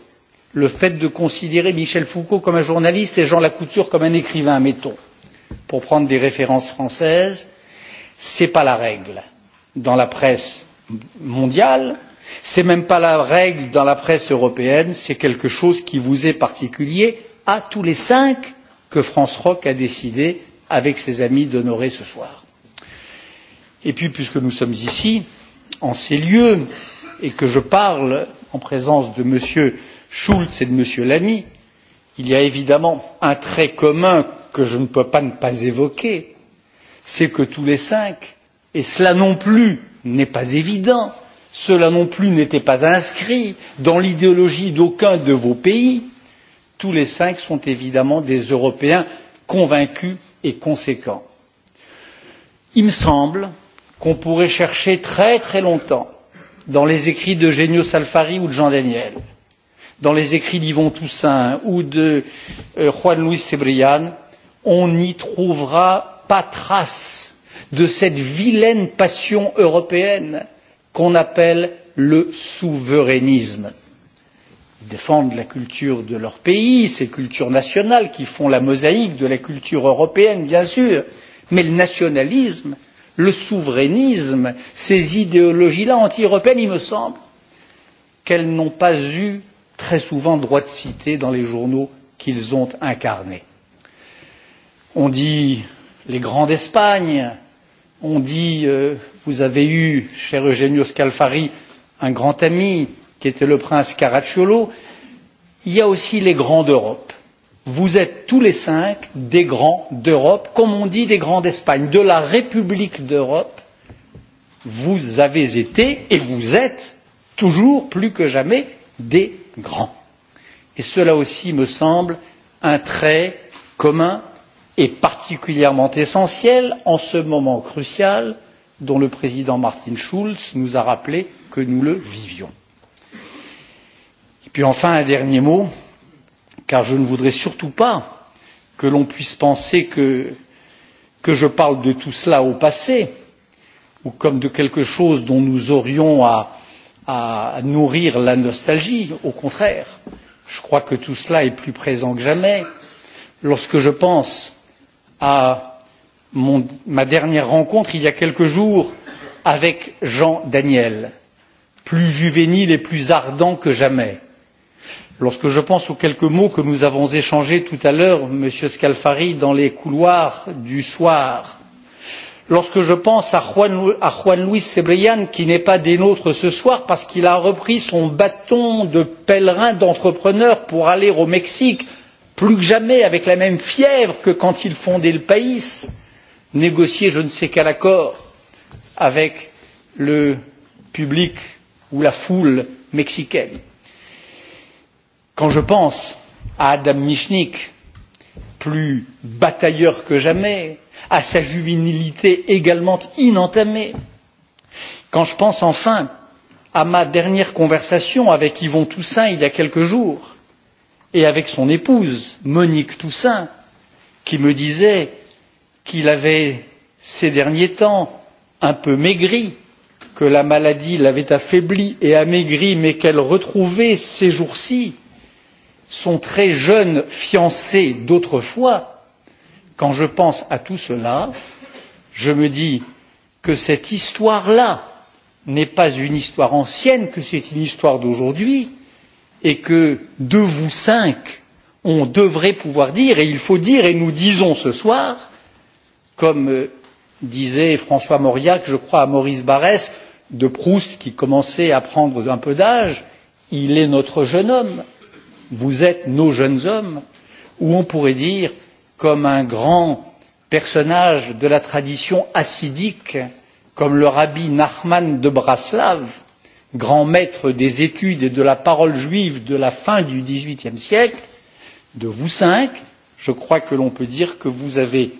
le fait de considérer Michel Foucault comme un journaliste et Jean Lacouture comme un écrivain, mettons, pour prendre des références françaises, ce n'est pas la règle dans la presse mondiale, ce n'est même pas la règle dans la presse européenne, c'est quelque chose qui vous est particulier à tous les cinq que France Rock a décidé avec ses amis d'honorer ce soir. Et puis, puisque nous sommes ici, en ces lieux, et que je parle en présence de M. Schulz et de M. Lamy, il y a évidemment un trait commun que je ne peux pas ne pas évoquer, c'est que tous les cinq, et cela non plus n'est pas évident cela non plus n'était pas inscrit dans l'idéologie d'aucun de vos pays tous les cinq sont évidemment des européens convaincus et conséquents. il me semble qu'on pourrait chercher très très longtemps dans les écrits de d'eugenio salfari ou de jean daniel dans les écrits d'yvon toussaint ou de juan luis cebrian on n'y trouvera pas trace de cette vilaine passion européenne qu'on appelle le souverainisme. Ils défendent la culture de leur pays, ces cultures nationales qui font la mosaïque de la culture européenne, bien sûr, mais le nationalisme, le souverainisme, ces idéologies là anti européennes, il me semble qu'elles n'ont pas eu très souvent droit de cité dans les journaux qu'ils ont incarnés. On dit les grands d'Espagne, On dit vous avez eu, cher Eugenio Scalfari, un grand ami qui était le prince Caracciolo. Il y a aussi les grands d'Europe. Vous êtes tous les cinq des grands d'Europe, comme on dit des grands d'Espagne, de la République d'Europe. Vous avez été et vous êtes toujours plus que jamais des grands. Et cela aussi me semble un trait commun est particulièrement essentiel en ce moment crucial dont le président Martin Schulz nous a rappelé que nous le vivions. Et puis enfin, un dernier mot, car je ne voudrais surtout pas que l'on puisse penser que je parle de tout cela au passé, ou comme de quelque chose dont nous aurions à nourrir la nostalgie. Au contraire, je crois que tout cela est plus présent que jamais. Lorsque je pense à ma dernière rencontre il y a quelques jours avec Jean Daniel, plus juvénile et plus ardent que jamais. Lorsque je pense aux quelques mots que nous avons échangés tout à l'heure, Monsieur Scalfari, dans les couloirs du soir, lorsque je pense à Juan Luis Cebrian, qui n'est pas des nôtres ce soir parce qu'il a repris son bâton de pèlerin d'entrepreneur pour aller au Mexique, plus que jamais avec la même fièvre que quand il fondait le pays négocier je ne sais quel accord avec le public ou la foule mexicaine. quand je pense à adam michnik plus batailleur que jamais à sa juvénilité également inentamée quand je pense enfin à ma dernière conversation avec yvon toussaint il y a quelques jours et avec son épouse, Monique Toussaint, qui me disait qu'il avait, ces derniers temps, un peu maigri, que la maladie l'avait affaibli et amaigri, mais qu'elle retrouvait ces jours ci son très jeune fiancé d'autrefois, quand je pense à tout cela, je me dis que cette histoire là n'est pas une histoire ancienne, que c'est une histoire d'aujourd'hui, et que de vous cinq on devrait pouvoir dire et il faut dire et nous disons ce soir comme disait François Mauriac je crois à Maurice Barrès de Proust qui commençait à prendre un peu d'âge il est notre jeune homme vous êtes nos jeunes hommes ou on pourrait dire comme un grand personnage de la tradition assidique, comme le rabbi Nachman de Braslav grand maître des études et de la parole juive de la fin du xviiie siècle de vous cinq je crois que l'on peut dire que vous avez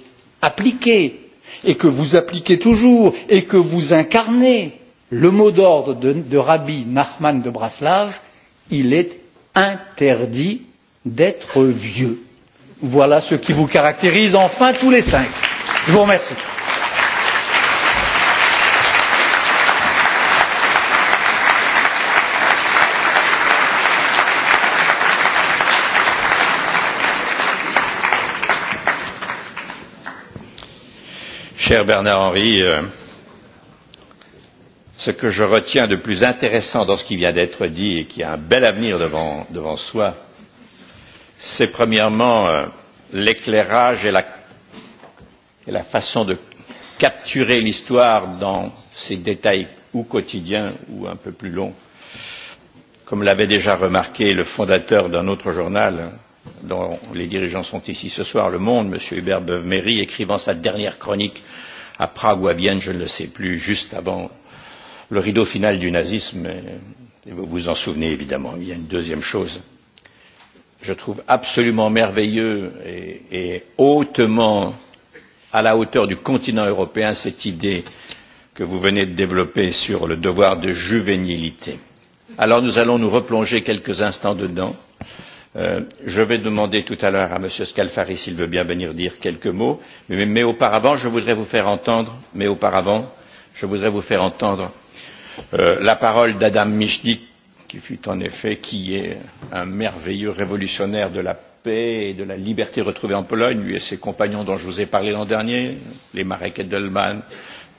appliqué et que vous appliquez toujours et que vous incarnez le mot d'ordre de rabbi nachman de braslav il est interdit d'être vieux. voilà ce qui vous caractérise enfin tous les cinq. je vous remercie. Cher Bernard Henry, ce que je retiens de plus intéressant dans ce qui vient d'être dit et qui a un bel avenir devant, devant soi, c'est premièrement l'éclairage et la, et la façon de capturer l'histoire dans ses détails ou quotidiens ou un peu plus longs. Comme l'avait déjà remarqué le fondateur d'un autre journal, dont les dirigeants sont ici ce soir, Le Monde, M. Hubert Beuve-Méry, écrivant sa dernière chronique à Prague ou à Vienne, je ne le sais plus, juste avant le rideau final du nazisme. Et vous vous en souvenez évidemment. Il y a une deuxième chose. Je trouve absolument merveilleux et, et hautement à la hauteur du continent européen cette idée que vous venez de développer sur le devoir de juvénilité. Alors nous allons nous replonger quelques instants dedans Je vais demander tout à l'heure à M. Scalfari s'il veut bien venir dire quelques mots, mais auparavant, je voudrais vous faire entendre, mais auparavant, je voudrais vous faire entendre la parole d'Adam Michnik, qui fut en effet, qui est un merveilleux révolutionnaire de la paix et de la liberté retrouvée en Pologne, lui et ses compagnons dont je vous ai parlé l'an dernier, les Marek Edelman,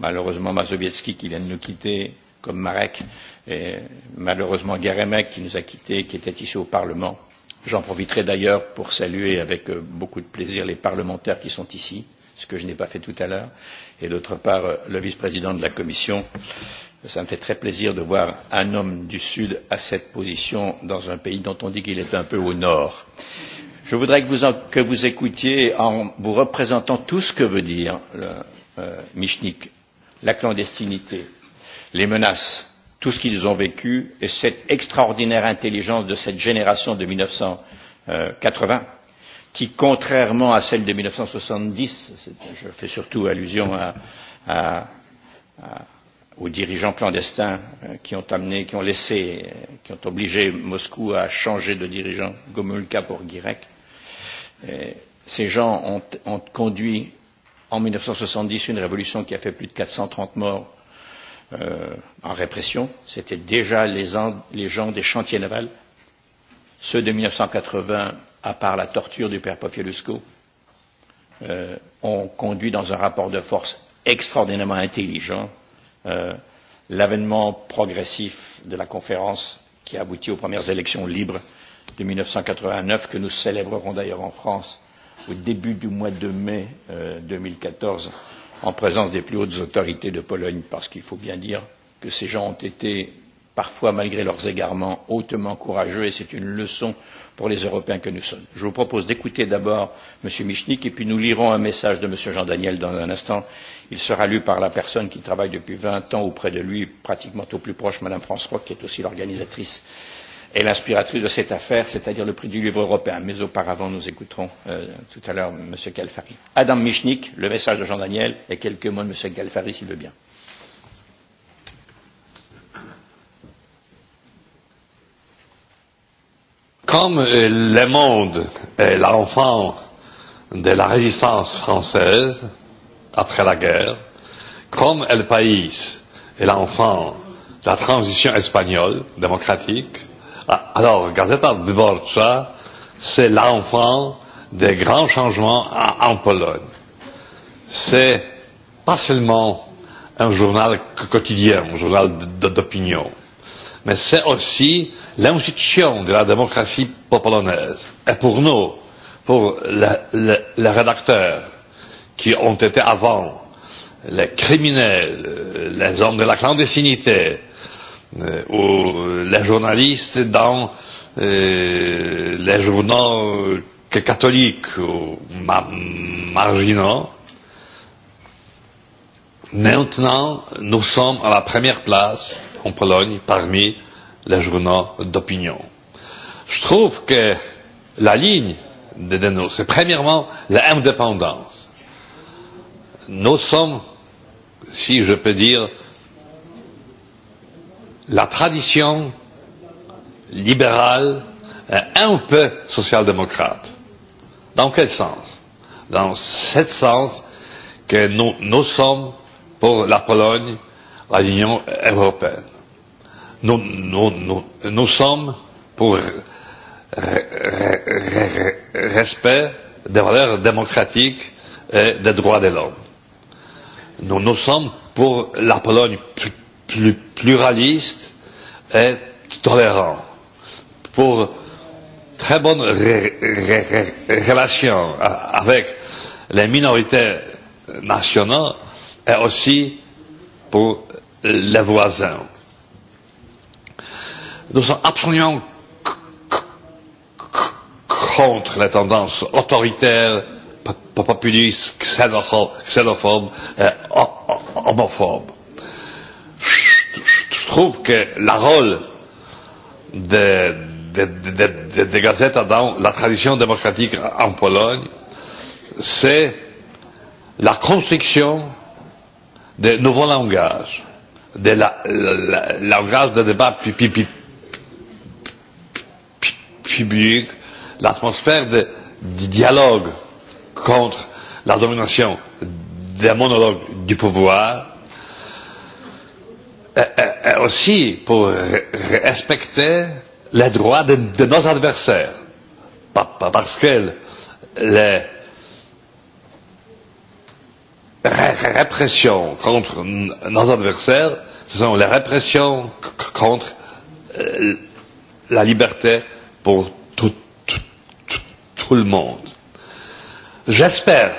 malheureusement Mazowiecki qui vient de nous quitter, comme Marek, et malheureusement Garemek qui nous a quittés, qui était ici au Parlement J'en profiterai d'ailleurs pour saluer avec beaucoup de plaisir les parlementaires qui sont ici, ce que je n'ai pas fait tout à l'heure, et d'autre part le vice-président de la Commission. Ça me fait très plaisir de voir un homme du Sud à cette position dans un pays dont on dit qu'il est un peu au Nord. Je voudrais que vous écoutiez en vous représentant tout ce que veut dire Michnik, la clandestinité, les menaces tout ce qu'ils ont vécu et cette extraordinaire intelligence de cette génération de 1980 qui, contrairement à celle de 1970, je fais surtout allusion à, aux dirigeants clandestins qui ont amené, qui ont laissé, qui ont obligé Moscou à changer de dirigeant, Gomulka pour Girek. Ces gens ont, ont conduit en 1970 une révolution qui a fait plus de 430 morts en répression, c'était déjà les gens des chantiers navals. Ceux de neuf cent quatre-vingts, à part la torture du père Pofielusco, ont conduit dans un rapport de force extraordinairement intelligent l'avènement progressif de la conférence qui a abouti aux premières élections libres de mille neuf cent quatre vingt neuf, que nous célébrerons d'ailleurs en France au début du mois de mai deux mille quatorze en présence des plus hautes autorités de Pologne, parce qu'il faut bien dire que ces gens ont été parfois, malgré leurs égarements, hautement courageux, et c'est une leçon pour les Européens que nous sommes. Je vous propose d'écouter d'abord M. Michnik, et puis nous lirons un message de M. Jean Daniel dans un instant. Il sera lu par la personne qui travaille depuis 20 ans auprès de lui, pratiquement au plus proche, Mme François, qui est aussi l'organisatrice est l'inspiratrice de cette affaire, c'est-à-dire le prix du livre européen. Mais auparavant, nous écouterons tout à l'heure M. Galfari. Adam Michnik, le message de Jean Daniel, et quelques mots de M. Galfari, s'il veut bien. Comme le monde est l'enfant de la résistance française après la guerre, comme El País est l'enfant de la transition espagnole démocratique, Alors, Gazeta Wyborcza, c'est l'enfant des grands changements en Pologne. C'est pas seulement un journal quotidien, un journal d'opinion, mais c'est aussi l'institution de la démocratie polonaise. Et pour nous, pour les rédacteurs qui ont été avant les criminels, les hommes de la clandestinité, ou les journalistes dans les journaux catholiques ou marginaux. Maintenant, nous sommes à la première place en Pologne parmi les journaux d'opinion. Je trouve que la ligne de Denos, c'est premièrement l'indépendance. Nous sommes, si je peux dire, la tradition libérale un peu social-démocrate. Dans quel sens Dans ce sens que nous, sommes pour la Pologne, à l'Union européenne. Nous, nous, nous, nous sommes pour respect des valeurs démocratiques et des droits de l'homme. Nous, nous sommes pour la Pologne plus pluraliste et tolérant pour très bonnes relations avec les minorités nationales et aussi pour les voisins. Nous sommes absolument contre les tendances autoritaires, populistes, xénophobes et homophobes je trouve que la rôle de, de, de, de, gazettes dans la tradition démocratique en Pologne, c'est la construction de nouveaux langages, de la, la, langage de débat public, l'atmosphère de, dialogue contre la domination des monologues du pouvoir, aussi pour respecter les droits de nos adversaires. parce que les répressions contre nos adversaires, ce sont les répressions contre la liberté pour tout le monde. J'espère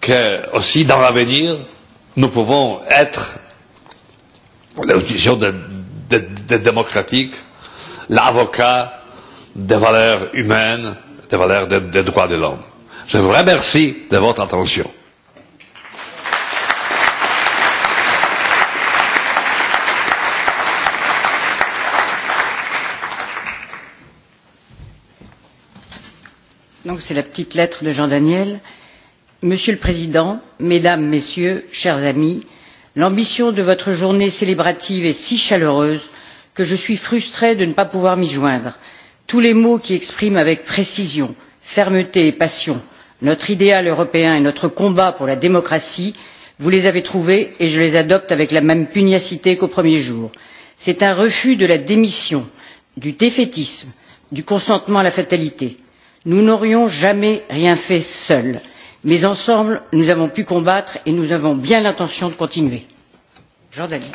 que aussi dans l'avenir, nous pouvons être la position des démocratiques, l'avocat des valeurs humaines, des valeurs des droits de l'homme. Je vous remercie de votre attention. Donc c'est la petite lettre de Jean Daniel. Monsieur le Président, Mesdames, Messieurs, chers amis, l'ambition de votre journée célébrative est si chaleureuse que je suis frustrée de ne pas pouvoir m'y joindre. tous les mots qui expriment avec précision fermeté et passion notre idéal européen et notre combat pour la démocratie vous les avez trouvés et je les adopte avec la même pugnacité qu'au premier jour. c'est un refus de la démission du défaitisme du consentement à la fatalité. nous n'aurions jamais rien fait seuls mais ensemble nous avons pu combattre et nous avons bien l'intention de continuer. jordanie.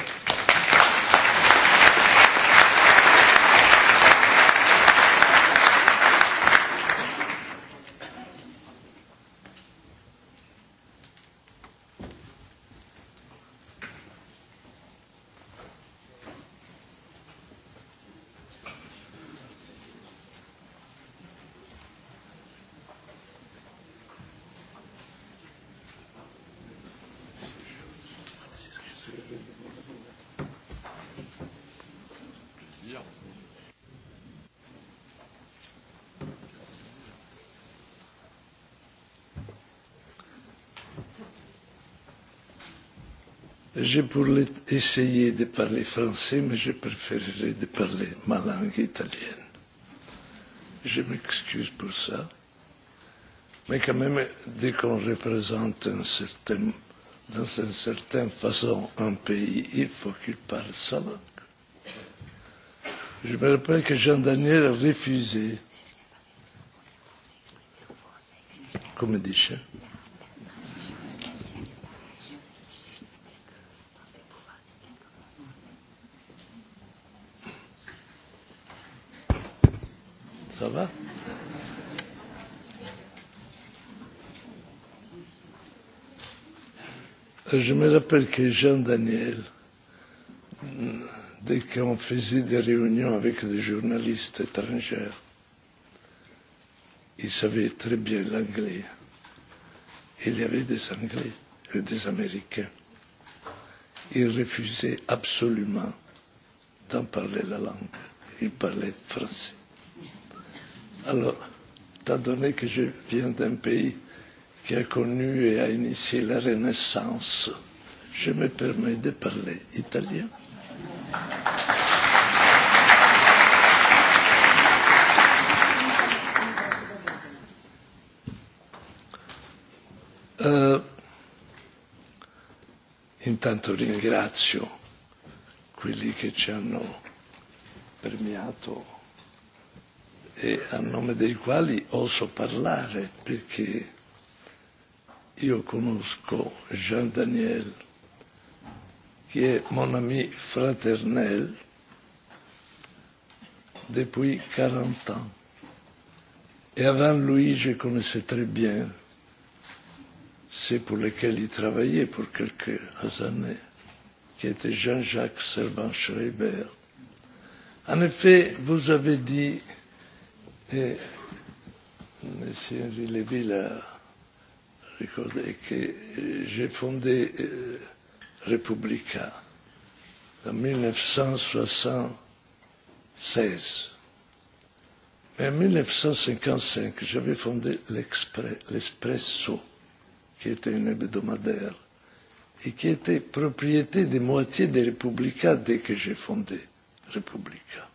pour essayer de parler français, mais je préférerais de parler ma langue italienne. Je m'excuse pour ça. Mais quand même, dès qu'on représente un certain, dans une certaine façon un pays, il faut qu'il parle sa langue. Je me rappelle que Jean Daniel a refusé, come dice, Je me rappelle que Jean Daniel, dès qu'on faisait des réunions avec des journalistes étrangers, il savait très bien l'anglais. Il y avait des Anglais et des Américains. Il refusait absolument d'en parler la langue. Il parlait français. Alors, étant donné que je viens d'un pays qui a connu et a initié la Renaissance. Je me permets de parler italien. Intanto ringrazio quelli che ci hanno premiato e a nome dei quali oso parlare perché io conosco Jean Daniel, qui est mon ami fraternel depuis 40 ans. Et avant lui, je connaissais très bien ceux pour lesquels il travaillait pour quelques années, qui était Jean-Jacques Servan Schreiber. En effet, vous avez dit, et M. Villeville l'a que j'ai fondé Repubblica en 1976. Mais en 1955, j'avais fondé l'Espresso, qui était un hebdomadaire, et qui était propriété des moitié des Republica dès que j'ai fondé Republica.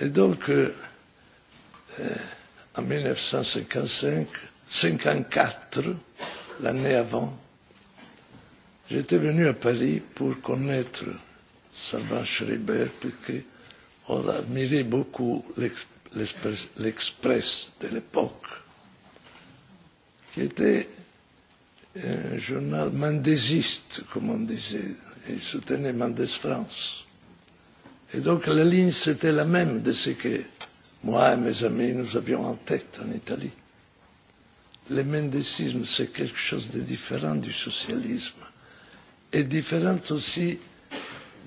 Et donc, en 1955, 54, l'année avant, j'étais venu à Paris pour connaître Salvan Schreiber, puisqu'on admirait beaucoup l'Express de l'époque, qui était un journal mendésiste, comme on disait, et soutenait Mendes France. Et donc la ligne, c'était la même de ce que moi et mes amis, nous avions en tête en Italie le mendicisme c'est quelque chose de différent du socialisme et différent aussi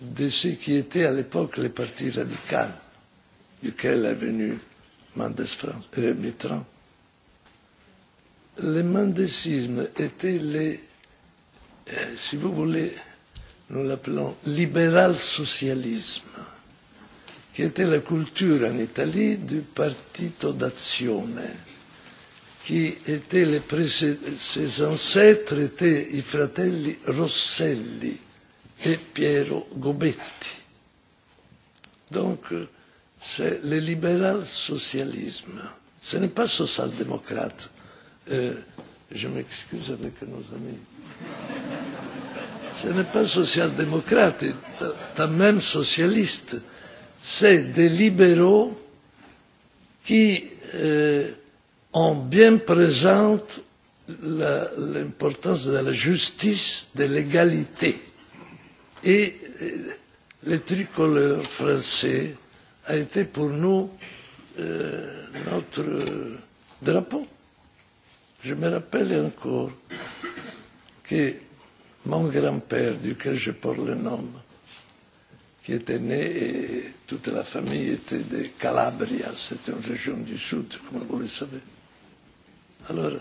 de ce qui était à l'époque le parti radical duquel est venu Mendes Mitterrand. Le mendicisme était le, si vous voulez, nous l'appelons libéral socialisme, qui était la culture en Italie du partito d'azione qui étaient les ses ancêtres étaient i fratelli Rosselli et Piero Gobetti. Donc c'est le libéral socialisme. Ce n'est pas social démocrate. Je m'excuse avec nos amis. Ce n'est pas social démocrate, t'as même socialiste. C'est des libéraux qui ont bien présente l'importance de la justice, de l'égalité. Et le tricolore français a été pour nous notre drapeau. Je me rappelle encore que mon grand-père, duquel je porte le nom, qui était né et toute la famille était de Calabria, c'est une région du sud, comme vous le savez. Alors,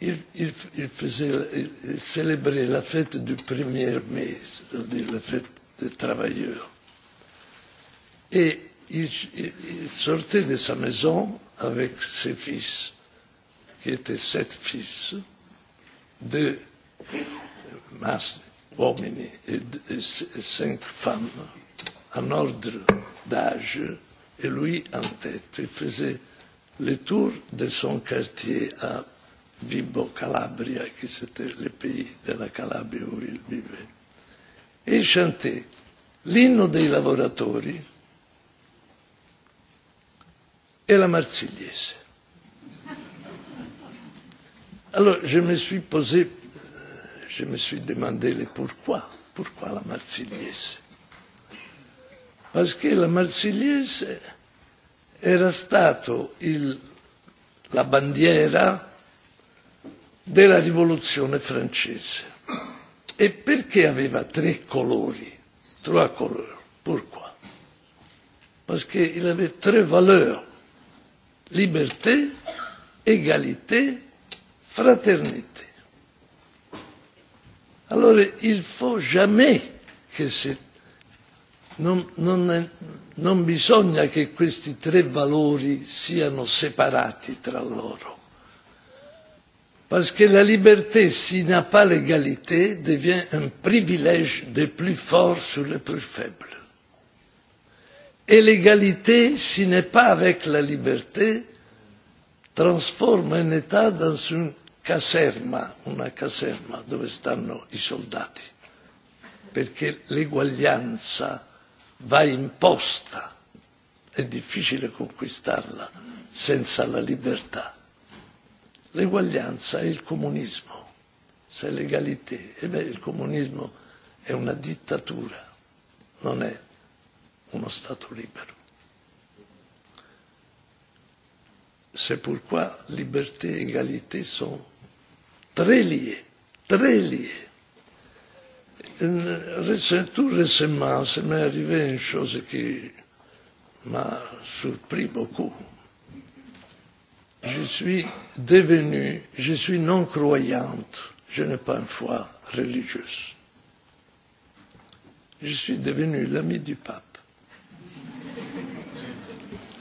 il, il, il faisait il célébrait la fête du 1er mai, c'est-à-dire la fête des travailleurs. Et il, il sortait de sa maison avec ses fils, qui étaient sept fils, de mas et et cinq femmes, en ordre d'âge, et lui en tête. Il faisait le tour de son quartier à Vibo Calabria, qui c'était le pays de la Calabria où il vivait, e chantait l'inno dei lavoratori et la Marseillaise. Alors je me suis posé, je me suis demandé le pourquoi, pourquoi la Marseillaise. Parce que la Marseillaise era stato il la bandiera della rivoluzione francese e perché aveva tre colori trois colori, pourquoi parce qu'il avait tre valeurs liberté égalité fraternité Allora il faut jamais que non non non bisogna che questi tre valori siano separati tra loro. Parce que la liberté, s'il n'a pas l'égalité, devient un privilège des plus forts sur les plus faibles. Et l'égalité, s'il n'est pas avec la liberté, transforme un État dans une caserma, una caserma dove stanno i soldati. Perché l'eguaglianza va imposta, è difficile conquistarla senza la libertà. L'eguaglianza è il comunismo, se l'egalité, e beh il comunismo è una dittatura, non è uno Stato libero. C'est pourquoi liberté e égalité sono tre lie, tre lie tout récemment, ça m'est arrivé une chose qui m'a surpris beaucoup. Je suis devenu je suis non croyante, je n'ai pas une foi religieuse. Je suis devenu l'ami du pape.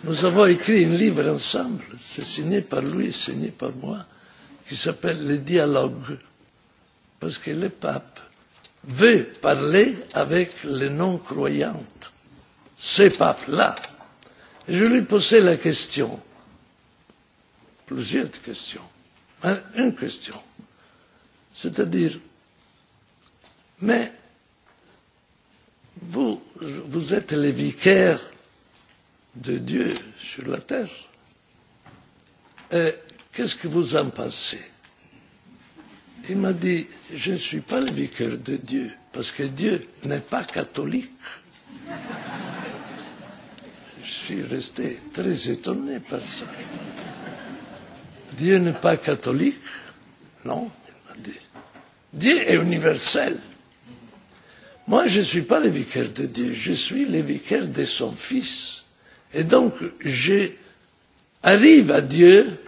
Nous avons écrit un livre ensemble, c'est signé par lui, signé par moi, qui s'appelle Les dialogues, parce que le pape veut parler avec les non croyantes ces papes là je lui posais la question plusieurs questions une question c'est à dire mais vous vous êtes les vicaires de Dieu sur la terre qu'est ce que vous en pensez? Il m'a dit, je ne suis pas le vicaire de Dieu, parce que Dieu n'est pas catholique. Je suis resté très étonné par ça. Dieu n'est pas catholique Non, il m'a dit. Dieu est universel. Moi, je ne suis pas le vicaire de Dieu, je suis le vicaire de son Fils. Et donc, j'arrive à Dieu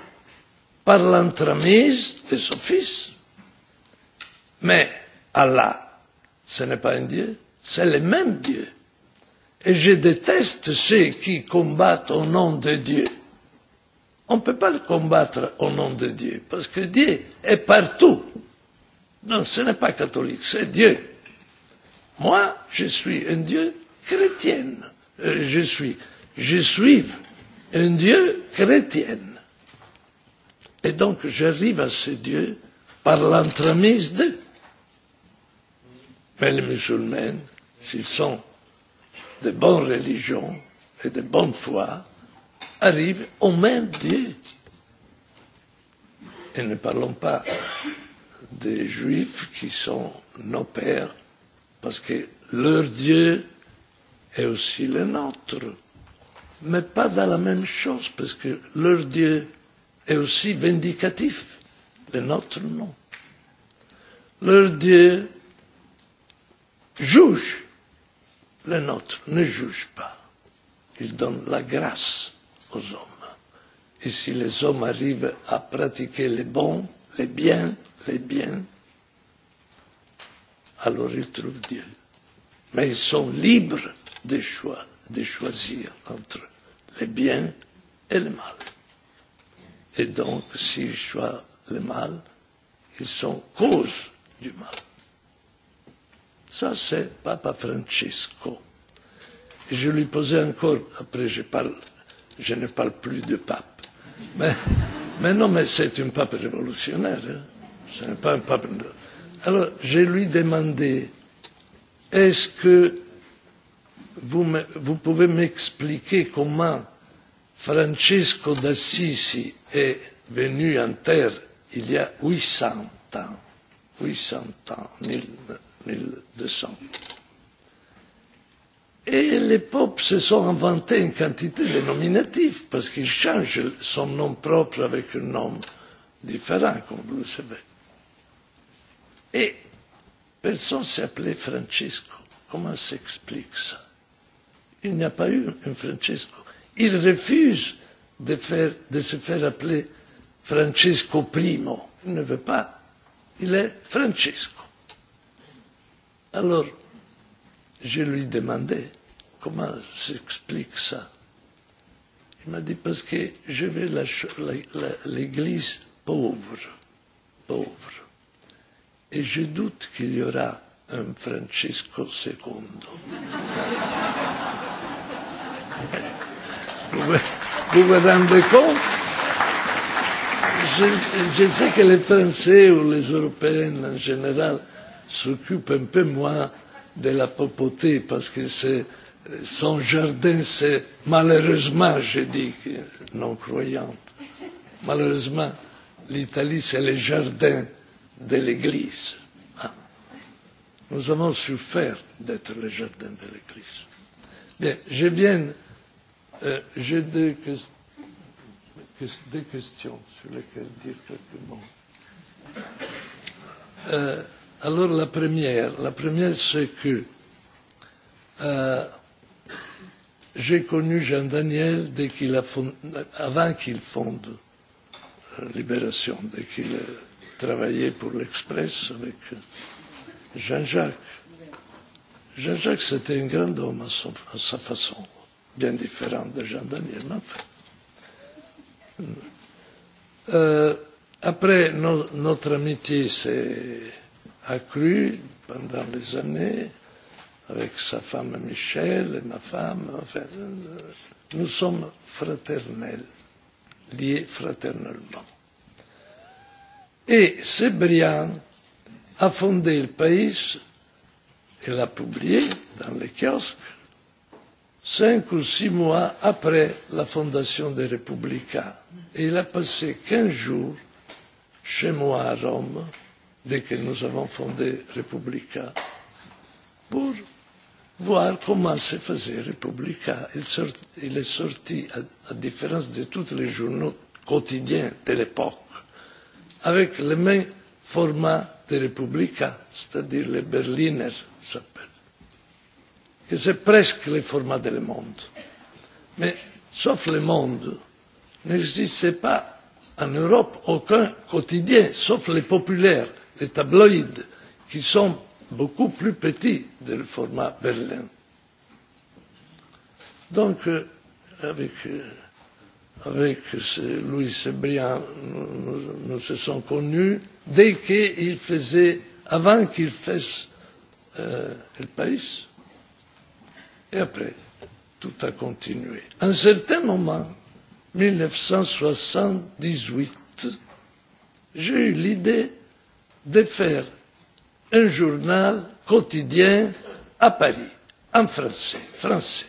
par l'entremise de son Fils. Mais Allah, ce n'est pas un Dieu, c'est le même Dieu. Et je déteste ceux qui combattent au nom de Dieu. On ne peut pas combattre au nom de Dieu, parce que Dieu est partout. Non, ce n'est pas catholique, c'est Dieu. Moi, je suis un Dieu chrétien. Je suis. Je suis un Dieu chrétien. Et donc, j'arrive à ce Dieu par l'entremise de Mais les musulmans, s'ils sont de bonnes religions et de bonne foi, arrivent au même Dieu. Et ne parlons pas des juifs qui sont nos pères, parce que leur Dieu est aussi le nôtre, mais pas dans la même chose, parce que leur Dieu est aussi vindicatif, le nôtre non. Leur Dieu juge le nôtre, ne juge pas. Il donne la grâce aux hommes. Et si les hommes arrivent à pratiquer les bons, les biens, les biens, alors ils trouvent Dieu. Mais ils sont libres de choix, de choisir entre les biens et le mal. Et donc, s'ils choisissent le mal, ils sont cause du mal. Ça, c'est Papa Francesco Et je lui posais encore, après je parle, je ne parle plus de pape. Mais, mais non, mais c'est un pape révolutionnaire. Hein. Ce n'est pas un pape. Alors, je lui demandais, est-ce que vous, me, vous pouvez m'expliquer comment Francesco d'Assisi est venu en terre il y a 800 ans, 800 ans, 1200. Et les popes se sont inventés une quantité de nominatifs parce qu'ils changent son nom propre avec un nom différent, comme vous le savez. Et personne s'est appelé Francesco. Comment s'explique ça Il n'y a pas eu un Francesco. Il refuse de, faire, de se faire appeler Francesco I. Il ne veut pas. Il est Francesco. Alors, je lui demandais comment s'explique ça. Il m'a dit parce que je vais l'église pauvre, pauvre. Et je doute qu'il y aura un Francesco II. Vous vous rendez compte je, je sais que les Français ou les Européens en général s'occupe un peu moins de la papauté parce que c'est son jardin, c'est malheureusement, je dis, non croyante, malheureusement, l'Italie, c'est le jardin de l'Église. Nous avons souffert d'être le jardin de l'Église. Bien, j'ai bien, j'ai deux, deux questions sur lesquelles dire quelques mots. Alors la première, la première c'est que euh, j'ai connu Jean Daniel dès qu'il a avant qu'il fonde Libération, dès qu'il travaillait pour l'Express avec Jean-Jacques. Jean-Jacques c'était un grand homme à, sa façon, bien différent de Jean Daniel. Mais enfin. euh, après, notre amitié c'est a cru pendant les années avec sa femme Michel et ma femme. Enfin, nous sommes fraternels, liés fraternellement. Et Sébrian a fondé le pays et l'a publié dans les kiosques cinq ou six mois après la fondation des Républicains. Et il a passé quinze jours chez moi à Rome dès que nous avons fondé Republica, pour voir comment se faisait Republica. Il est sorti, à différence de tous les journaux quotidiens de l'époque, avec le même format de Republica, c'est-à-dire les Berliner s'appelle, c'est presque le format de Monde. Mais, sauf Le Monde, n'existait pas en Europe aucun quotidien, sauf les populaires des tabloïds qui sont beaucoup plus petits que le format berlin. Donc, avec, avec Louis Sebrian, nous, nous se sommes connus dès qu'il faisait, avant qu'il fasse euh, le pays. Et après, tout a continué. À un certain moment, 1978, j'ai eu l'idée de faire un journal quotidien à Paris, en français, français.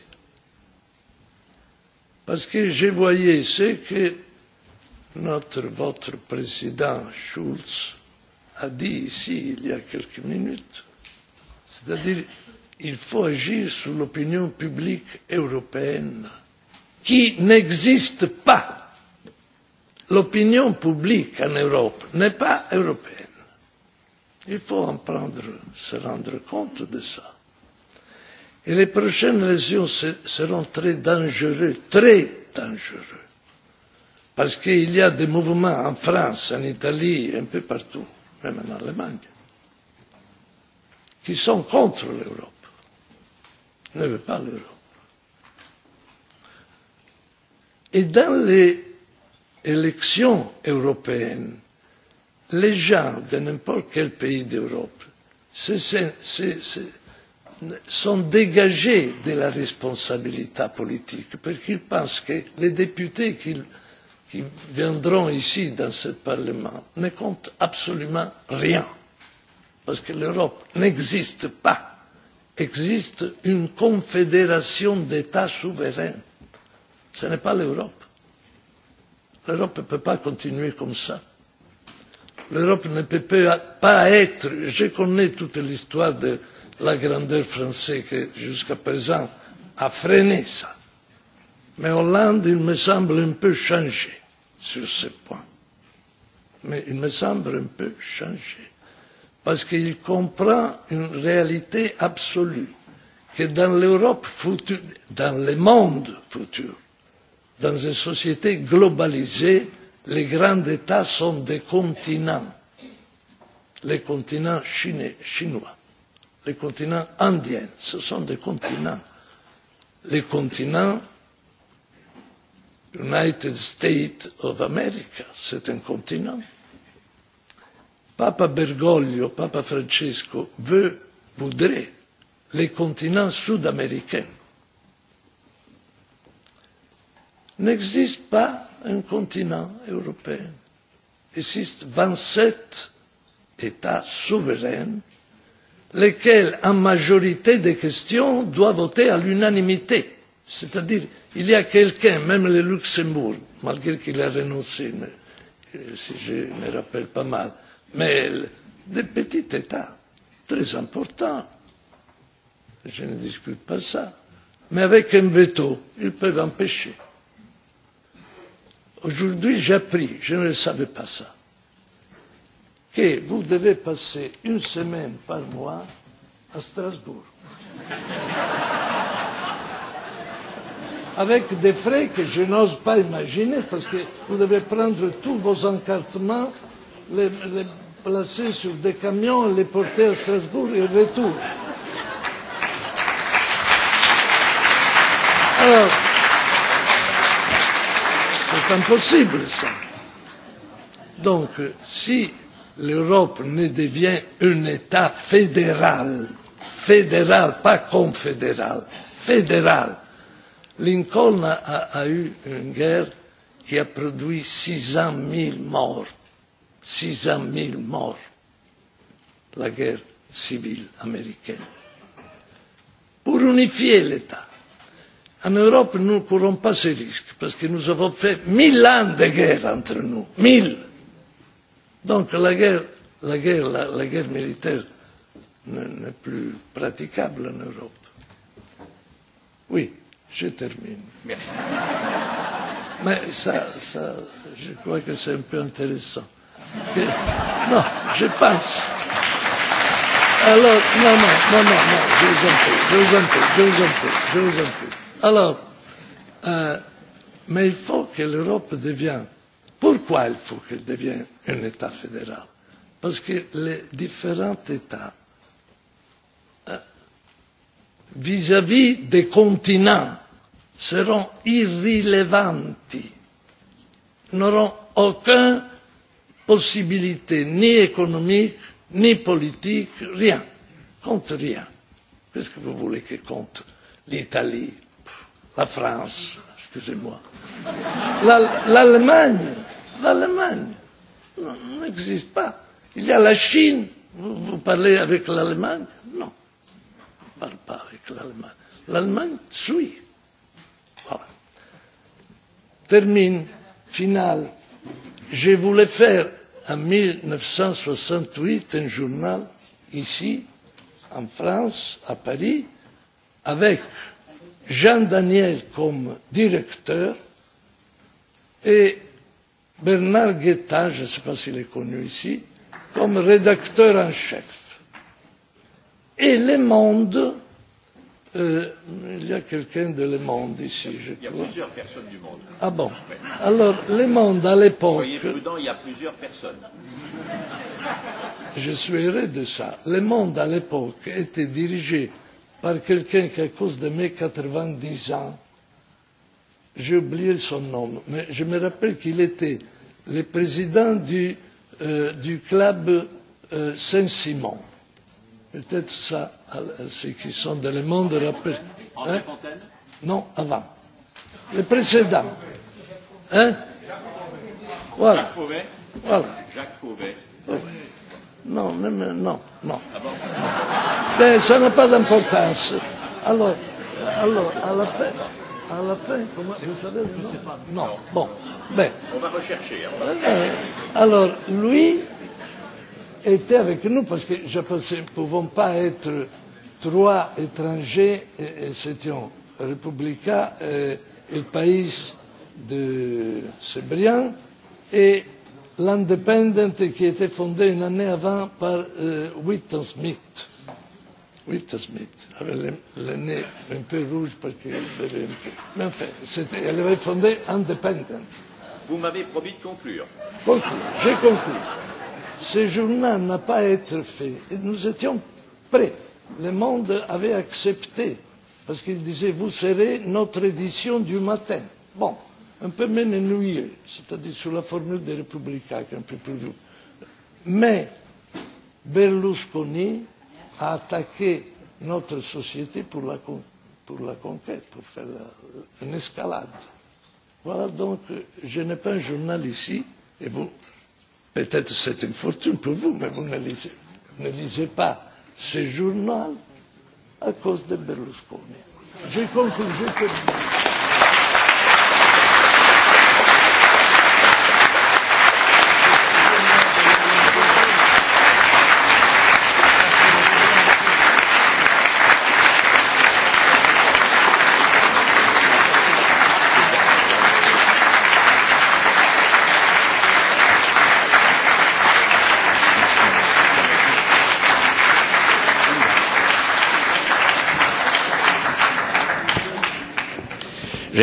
Parce que je voyais ce que notre, votre président Schulz a dit ici il y a quelques minutes, c'est-à-dire il faut agir sur l'opinion publique européenne qui n'existe pas. L'opinion publique en Europe n'est pas européenne. Il faut en prendre, se rendre compte de ça. Et les prochaines lésions seront très dangereuses, très dangereuses. Parce qu'il y a des mouvements en France, en Italie, un peu partout, même en Allemagne, qui sont contre l'Europe. Ne veulent pas l'Europe. Et dans les élections européennes, les gens de n'importe quel pays d'Europe sont dégagés de la responsabilité politique parce qu'ils pensent que les députés qui viendront ici dans ce Parlement ne comptent absolument rien parce que l'Europe n'existe pas. Existe une confédération d'États souverains. Ce n'est pas l'Europe. L'Europe ne peut pas continuer comme ça l'Europe ne peut pas être, je connais toute l'histoire de la grandeur française qui jusqu'à présent a freiné ça. Mais Hollande, il me semble un peu changé sur ce point. Mais il me semble un peu changé. Parce qu'il comprend une réalité absolue. Que dans l'Europe future, dans le monde futur, dans une société globalisée, les grands États sont des continents, les continents chinois, les continents indiens, ce sont des continents. Les continents United States of America, c'est un continent. Papa Bergoglio, Papa Francesco veut, voudrait les continents sud-américains. N'existe pas un continent européen. Existent 27 États souverains, lesquels, en majorité des questions, doivent voter à l'unanimité. C'est-à-dire, il y a quelqu'un, même le Luxembourg, malgré qu'il a renoncé, si je me rappelle pas mal, mais des petits États, très importants. Je ne discute pas ça. Mais avec un veto, ils peuvent empêcher. Aujourd'hui, j'ai appris, je ne le savais pas ça, que vous devez passer une semaine par mois à Strasbourg. Avec des frais que je n'ose pas imaginer parce que vous devez prendre tous vos encartements, les, les placer sur des camions, les porter à Strasbourg et retour. C'est impossible, ça. Donc, si l'Europe ne devient un État fédéral, fédéral, pas confédéral, fédéral, Lincoln a eu une guerre qui a produit 600 000 morts. 600 000 morts. La guerre civile américaine. Pour unifier l'État. En Europe, nous ne courons pas ces risques parce que nous avons fait mille ans de guerre entre nous. Mille. Donc la guerre, la guerre, la, guerre militaire n'est plus praticable en Europe. Oui, je termine. Merci. Mais ça, ça, je crois que c'est un peu intéressant. Non, je pense. Alors, non, non, non, non, non, je vous en prie, je vous en prie, je vous en prie, je vous en prie. Alors, mais il faut que l'Europe devienne. Pourquoi il faut qu'elle devienne un État fédéral Parce que les différents États, vis-à-vis des continents, seront irrélevants, n'auront aucune possibilité, ni économique, ni politique, rien. Compte rien. Qu'est-ce que vous voulez que compte l'Italie la France, excusez-moi, l'Allemagne, l'Allemagne n'existe pas. Il y a la Chine, vous parlez avec l'Allemagne Non, on ne parle pas avec l'Allemagne. L'Allemagne suit. Voilà. Termine, final Je voulais faire en 1968 un journal ici, en France, à Paris, avec Jean Daniel comme directeur et Bernard Guetta, je ne sais pas s'il est connu ici, comme rédacteur en chef. Et Le Monde, il y a quelqu'un de Le Monde ici, je Il y a plusieurs personnes du Monde. Ah bon Alors, Le Monde à l'époque. Soyez prudent, il y a plusieurs personnes. Je suis heureux de ça. Le Monde à l'époque était dirigé par quelqu'un qui a cause de mes 90 ans, j'ai oublié son nom, mais je me rappelle qu'il était le président du, du club Saint-Simon. Peut-être ça, ceux qui sont dans le monde rappellent. Hein? Non, avant. Le précédent. Hein? Voilà. Jacques Fauvet. Voilà. Jacques Fauvet. Non, même, non, non. no. ça n'a pas d'importance. Alors, alors, à la fin, à la fin, vous savez, non, No, bon, beh. On va rechercher. alors, lui était avec nous parce que je pensais, ne pouvons pas être trois étrangers, et, c'était et, et, le pays de Sébrien et l'Independent qui était fondé une année avant par Witton Smith. Witton Smith avait le nez un peu rouge parce qu'il avait un peu. Mais enfin, elle avait fondé Independent. Vous m'avez promis de conclure. Conclure, j'ai conclu. Ce journal n'a pas été fait. Nous étions prêts. Le monde avait accepté. Parce qu'il disait, vous serez notre édition du matin. Bon un peu même c'est-à-dire sur la formule des républicains, un peu plus vieux. Mais Berlusconi a attaqué notre société pour la, pour la conquête, pour faire une escalade. Voilà donc, je n'ai pas un journal ici, et vous, peut-être c'est une fortune pour vous, mais vous ne lisez, ne lisez pas ce journal à cause de Berlusconi. J'ai conclu, je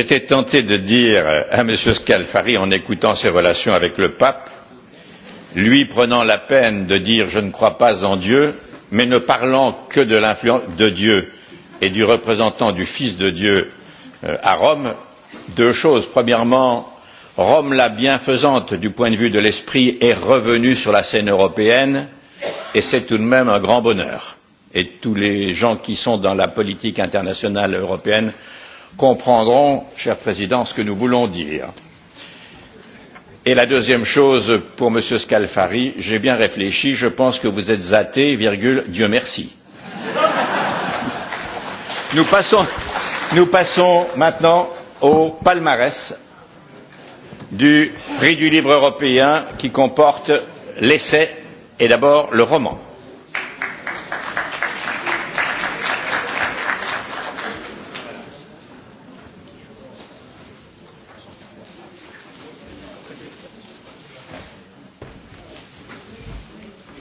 j'étais tenté de dire à m. scalfari en écoutant ses relations avec le pape lui prenant la peine de dire je ne crois pas en dieu mais ne parlant que de l'influence de dieu et du représentant du fils de dieu à rome deux choses premièrement rome la bienfaisante du point de vue de l'esprit est revenue sur la scène européenne et c'est tout de même un grand bonheur et tous les gens qui sont dans la politique internationale européenne comprendront, cher Président, ce que nous voulons dire. Et la deuxième chose, pour M. Scalfari, j'ai bien réfléchi, je pense que vous êtes athée, virgule, Dieu merci. Nous passons, nous passons maintenant au palmarès du prix du livre européen qui comporte l'essai et d'abord le roman.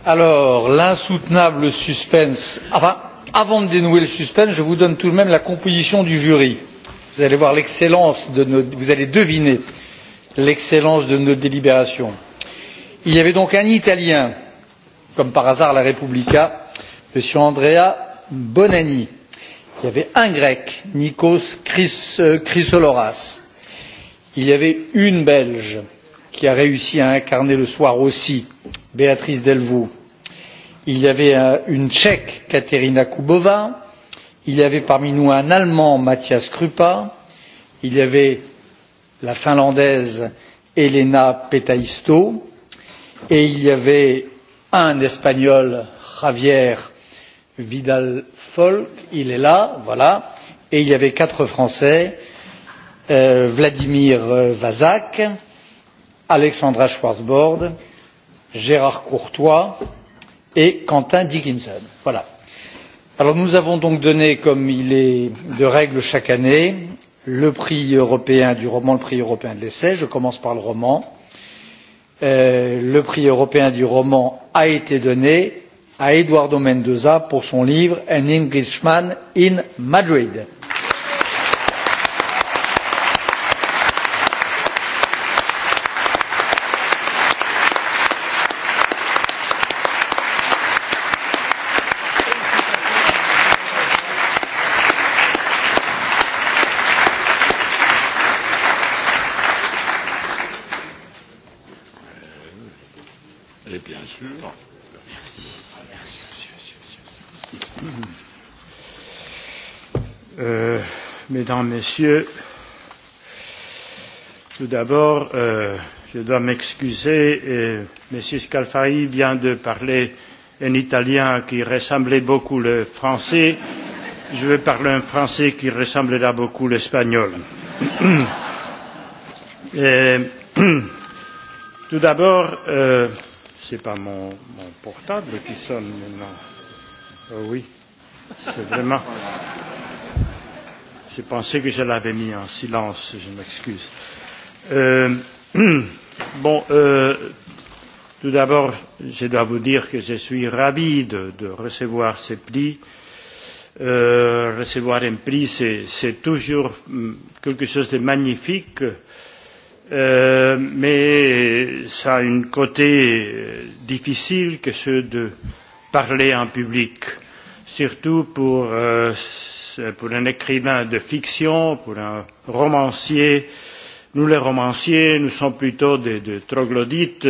Alors, l'insoutenable suspense. Enfin, avant de dénouer le suspense, je vous donne tout de même la composition du jury. Vous allez voir l'excellence de nos, vous allez deviner l'excellence de nos délibérations. Il y avait donc un Italien, comme par hasard la Repubblica, M. Andrea Bonanni. Il y avait un Grec, Nikos Chrysoloras. Il y avait une Belge qui a réussi à incarner le soir aussi, Béatrice Delvaux il y avait une tchèque kateřina kubová il y avait parmi nous un allemand matthias krupa il y avait la finlandaise elena petaisto et il y avait un espagnol javier vidal folk il est là voilà et il y avait quatre français vladimir vazak alexandra schwarzbord gérard courtois et quentin dickinson. nous avons donc donné comme il est de règle chaque année le prix européen du roman le prix européen de l'essai. je commence par le roman. le prix européen du roman a été donné à eduardo mendoza pour son livre an englishman in madrid Mesdames, Messieurs, tout d'abord, je dois m'excuser. M. Scalfari vient de parler un italien qui ressemblait beaucoup le français. Je vais parler un français qui ressemblera beaucoup l'espagnol. Tout d'abord, ce n'est pas mon portable qui sonne maintenant. Oui, c'est vraiment. J'ai pensé que je l'avais mis en silence, je m'excuse. Bon, tout d'abord, je dois vous dire que je suis ravi de recevoir ces prix. Recevoir un prix, c'est toujours quelque chose de magnifique, mais ça a un côté difficile que ceux de parler en public, surtout pour pour un écrivain de fiction, pour un romancier. Nous, les romanciers, nous sommes plutôt des troglodytes,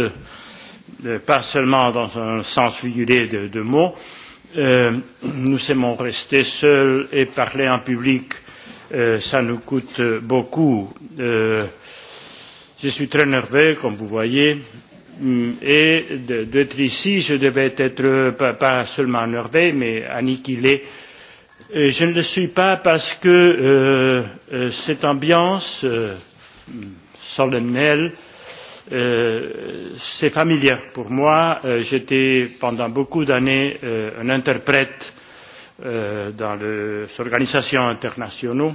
pas seulement dans un sens figuré de mots. Nous aimons rester seuls et parler en public. Ça nous coûte beaucoup. Je suis très nerveux, comme vous voyez. Et d'être ici, je devais être pas seulement nerveux, mais aniquilé Je ne le suis pas parce que cette ambiance solennelle, c'est familière pour moi. J'étais pendant beaucoup d'années un interprète dans les organisations internationales.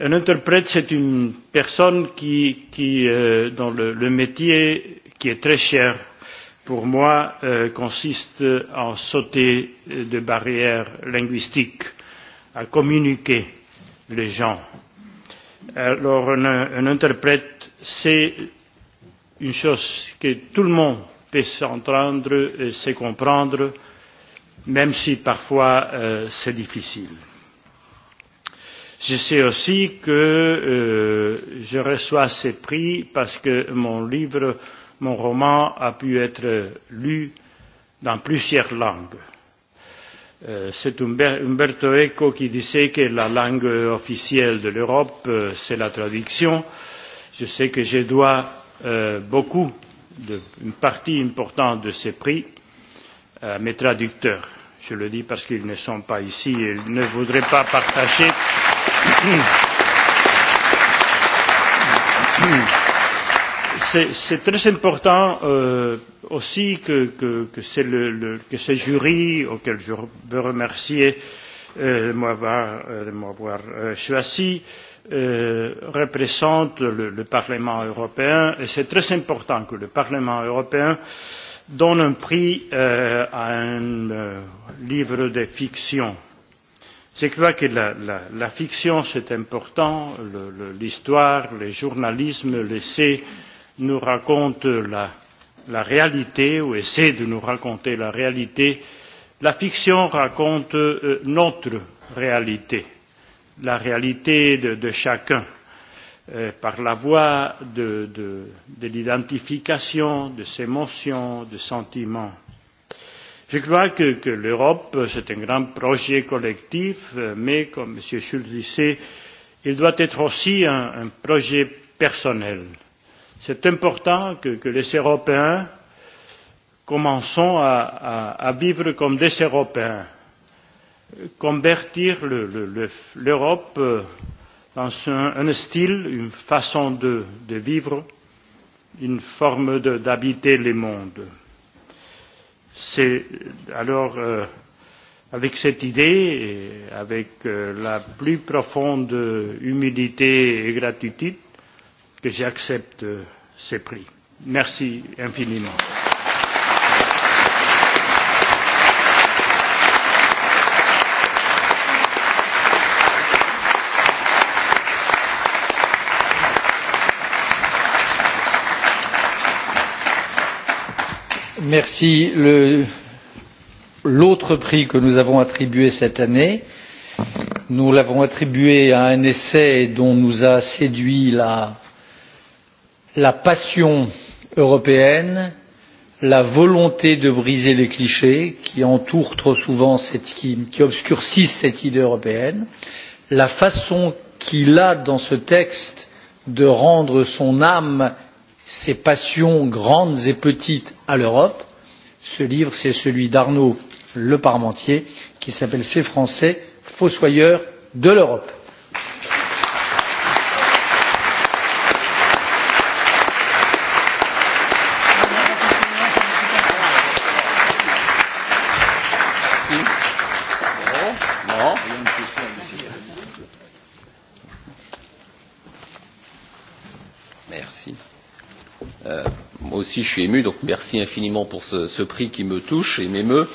Un interprète, c'est une personne qui, qui, dans le métier qui est très cher pour moi, consiste à sauter des barrières linguistiques, à communiquer les gens. Alors, un interprète, c'est une chose que tout le monde peut s'entendre et se comprendre, même si parfois c'est difficile. Je sais aussi que je reçois ces prix parce que mon livre mon roman a pu être lu dans plusieurs langues. C'est Umberto Eco qui disait que la langue officielle de l'Europe, c'est la traduction. Je sais que je dois beaucoup, une partie importante de ces prix, à mes traducteurs. Je le dis parce qu'ils ne sont pas ici et ils ne voudraient pas partager. C'est très important aussi que que ce jury, auquel je veux remercier de m'avoir choisi, représente le Parlement européen. Et c'est très important que le Parlement européen donne un prix à un livre de fiction. Je crois que la fiction, c'est important. L'histoire, le journalisme, l'essai nous raconte la réalité ou essaie de nous raconter la réalité la fiction raconte notre réalité la réalité de chacun par la voie de l'identification de ses émotions de sentiments. je crois que l'europe c'est un grand projet collectif mais comme m. schulz disait il doit être aussi un projet personnel c'est important que les Européens commençons à vivre comme des Européens, convertir l'Europe dans un style, une façon de vivre, une forme d'habiter le monde. C'est alors avec cette idée, et avec la plus profonde humilité et gratitude, que j'accepte ces prix. Merci infiniment. Merci. L'autre prix que nous avons attribué cette année, nous l'avons attribué à un essai dont nous a séduit la la passion européenne la volonté de briser les clichés qui entourent trop souvent qui obscurcissent cette idée européenne la façon qu'il a dans ce texte de rendre son âme ses passions grandes et petites à l'europe ce livre c'est celui d'arnaud parmentier, qui s'appelle ces français fossoyeurs de l'europe. moi aussi je suis ému, donc merci infiniment pour ce prix qui me touche et m'émeut.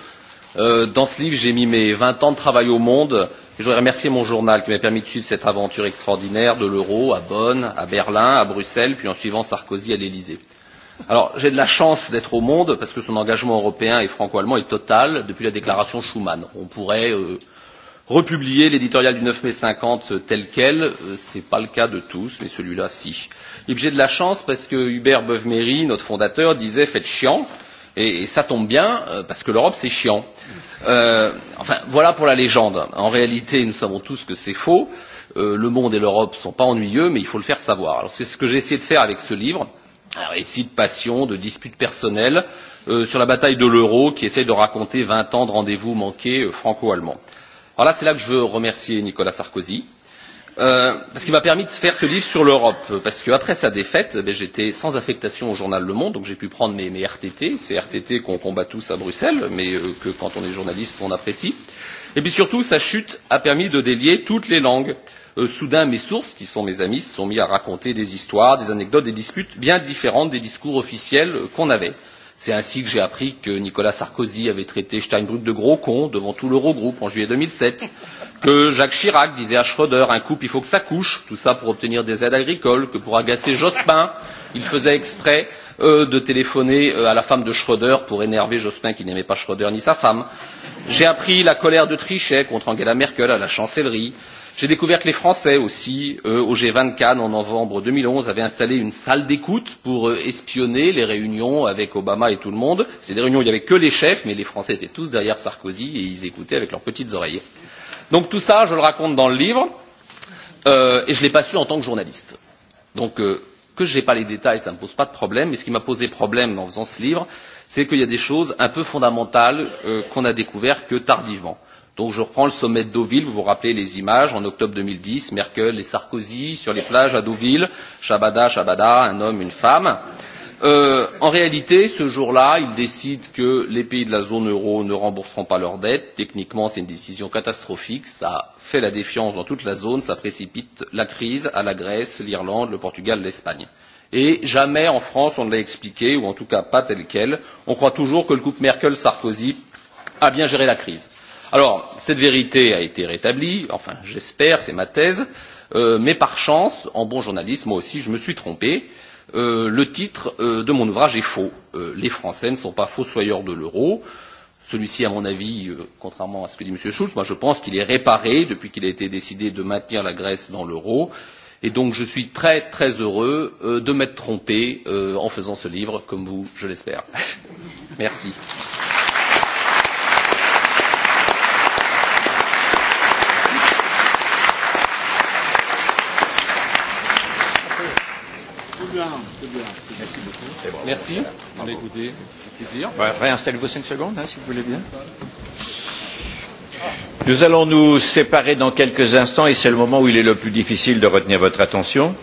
Dans ce livre, j'ai mis mes 20 ans de travail au monde. Je voudrais remercier mon journal qui m'a permis de suivre cette aventure extraordinaire de l'euro à Bonn, à Berlin, à Bruxelles, puis en suivant Sarkozy à l'Elysée. Alors, j'ai de la chance d'être au monde parce que son engagement européen et franco-allemand est total depuis la déclaration Schuman. On pourrait republier l'éditorial du 9 mai 50 tel quel. Ce n'est pas le cas de tous, mais celui-là, si. L'objet de la chance parce que Hubert beuve notre fondateur, disait « faites chiant ». Et ça tombe bien, parce que l'Europe, c'est chiant. Enfin, voilà pour la légende. En réalité, nous savons tous que c'est faux. Le monde et l'Europe ne sont pas ennuyeux, mais il faut le faire savoir. c'est ce que j'ai essayé de faire avec ce livre. Un récit de passion, de disputes personnelles sur la bataille de l'euro qui essaie de raconter 20 ans de rendez-vous manqués franco-allemands. Alors là, c'est là que je veux remercier Nicolas Sarkozy, parce qu'il m'a permis de faire ce livre sur l'Europe, parce qu'après sa défaite, j'étais sans affectation au journal Le Monde, donc j'ai pu prendre mes RTT, ces RTT qu'on combat tous à Bruxelles, mais que quand on est journaliste, on apprécie. Et puis surtout, sa chute a permis de délier toutes les langues. Soudain, mes sources, qui sont mes amis, se sont mis à raconter des histoires, des anecdotes, des disputes bien différentes des discours officiels qu'on avait. C'est ainsi que j'ai appris que Nicolas Sarkozy avait traité Steinbrück de gros con devant tout l'Eurogroupe en juillet 2007, que Jacques Chirac disait à Schröder un couple il faut que ça couche, tout ça pour obtenir des aides agricoles, que pour agacer Jospin, il faisait exprès de téléphoner à la femme de Schröder pour énerver Jospin qui n'aimait pas Schröder ni sa femme. J'ai appris la colère de Trichet contre Angela Merkel à la chancellerie, J'ai découvert que les Français aussi, au G20 Cannes en novembre 2011, avaient installé une salle d'écoute pour espionner les réunions avec Obama et tout le monde. C'est des réunions où il n'y avait que les chefs, mais les Français étaient tous derrière Sarkozy et ils écoutaient avec leurs petites oreilles. Donc tout ça, je le raconte dans le livre, et je ne l'ai pas su en tant que journaliste. Donc que je n'ai pas les détails, ça ne me pose pas de problème, mais ce qui m'a posé problème en faisant ce livre, c'est qu'il y a des choses un peu fondamentales qu'on a découvert que tardivement. Donc je reprends le sommet de Deauville, vous vous rappelez les images, en octobre 2010, Merkel et Sarkozy sur les plages à Deauville, Shabada, Shabada, un homme, une femme. En réalité, ce jour-là, ils décident que les pays de la zone euro ne rembourseront pas leurs dettes. Techniquement, c'est une décision catastrophique. Ça fait la défiance dans toute la zone. Ça précipite la crise à la Grèce, l'Irlande, le Portugal, l'Espagne. Et jamais en France, on ne l'a expliqué, ou en tout cas pas tel quel. On croit toujours que le couple Merkel-Sarkozy a bien géré la crise. Alors, cette vérité a été rétablie, enfin j'espère, c'est ma thèse, mais par chance, en bon journaliste, moi aussi je me suis trompé, le titre de mon ouvrage est faux. Les Français ne sont pas fossoyeurs de l'euro. Celui-ci, à mon avis, contrairement à ce que dit M. Schulz, moi je pense qu'il est réparé depuis qu'il a été décidé de maintenir la Grèce dans l'euro. Et donc je suis très très heureux de m'être trompé en faisant ce livre, comme vous, je l'espère. Merci. Merci beaucoup. Merci. plaisir. Réinstallez-vous cinq secondes, si vous voulez bien. Nous allons nous séparer dans quelques instants et c'est le moment où il est le plus difficile de retenir votre attention.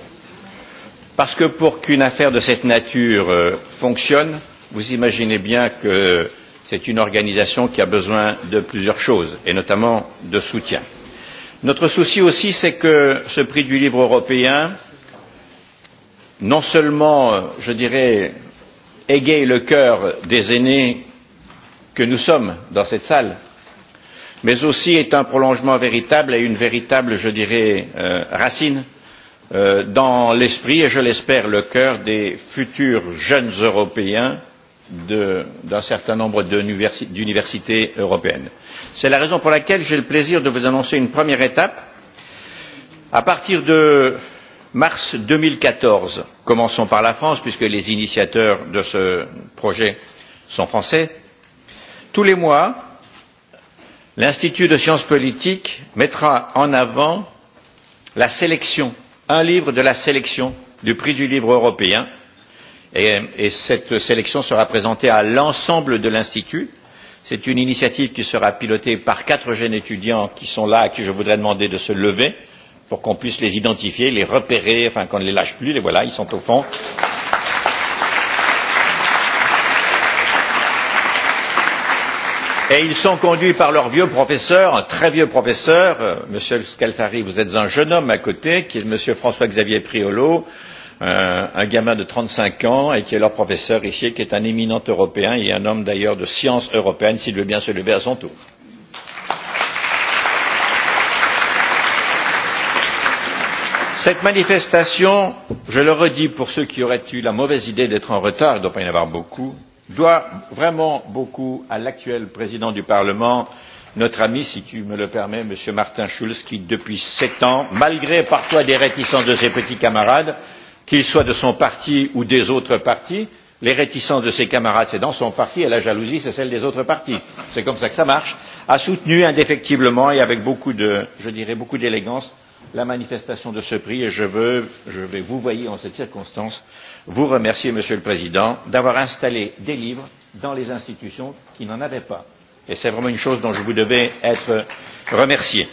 Parce que pour qu'une affaire de cette nature fonctionne, vous imaginez bien que c'est une organisation qui a besoin de plusieurs choses, et notamment de soutien. Notre souci aussi, c'est que ce prix du livre européen, non seulement, je dirais, égaye le cœur des aînés que nous sommes dans cette salle, mais aussi est un prolongement véritable et une véritable, je dirais, racine dans l'esprit et, je l'espère, le cœur des futurs jeunes Européens d'un certain nombre d'universités européennes. C'est la raison pour laquelle j'ai le plaisir de vous annoncer une première étape. À partir de mars 2014 commençons par la France puisque les initiateurs de ce projet sont français tous les mois l'institut de sciences politiques mettra en avant la sélection un livre de la sélection du prix du livre européen et cette sélection sera présentée à l'ensemble de l'institut c'est une initiative qui sera pilotée par quatre jeunes étudiants qui sont là à qui je voudrais demander de se lever pour qu'on puisse les identifier, les repérer, enfin qu'on ne les lâche plus, les voilà, ils sont au fond. Et ils sont conduits par leur vieux professeur, un très vieux professeur, Monsieur Scalfari, vous êtes un jeune homme à côté, qui est Monsieur François-Xavier Priolo, un gamin de 35 ans, et qui est leur professeur ici, qui est un éminent européen et un homme d'ailleurs de science européenne, s'il veut bien se lever à son tour. Cette manifestation, je le redis pour ceux qui auraient eu la mauvaise idée d'être en retard, il ne doit pas y en avoir beaucoup, doit vraiment beaucoup à l'actuel président du Parlement, notre ami, si tu me le permets, M. Martin Schulz, qui depuis sept ans, malgré parfois des réticences de ses petits camarades, qu'ils soient de son parti ou des autres partis, les réticences de ses camarades, c'est dans son parti, et la jalousie, c'est celle des autres partis. C'est comme ça que ça marche. A soutenu indéfectiblement et avec beaucoup de, je dirais, beaucoup d'élégance la manifestation de ce prix et je veux, je vais vous voyez en cette circonstance, vous remercier, Monsieur le Président, d'avoir installé des livres dans les institutions qui n'en avaient pas. Et c'est vraiment une chose dont je vous devais être remercié.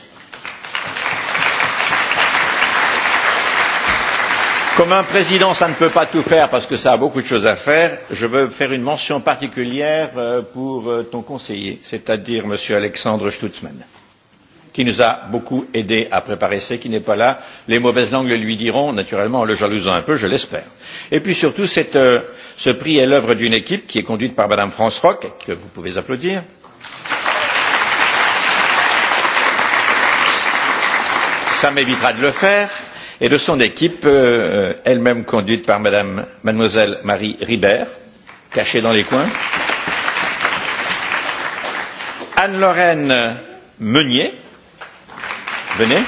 Comme un président, ça ne peut pas tout faire parce que ça a beaucoup de choses à faire. Je veux faire une mention particulière pour ton conseiller, c'est-à-dire M. Alexandre Stutzmann qui nous a beaucoup aidés à préparer ce qui n'est pas là. Les mauvaises langues lui diront, naturellement en le jalousant un peu, je l'espère. Et puis surtout, ce prix est l'œuvre d'une équipe qui est conduite par madame France Rock, que vous pouvez applaudir. Ça m'évitera de le faire, et de son équipe, elle-même conduite par Madame, Mademoiselle Marie Ribert, cachée dans les coins. Anne-Lorraine Meunier, venez.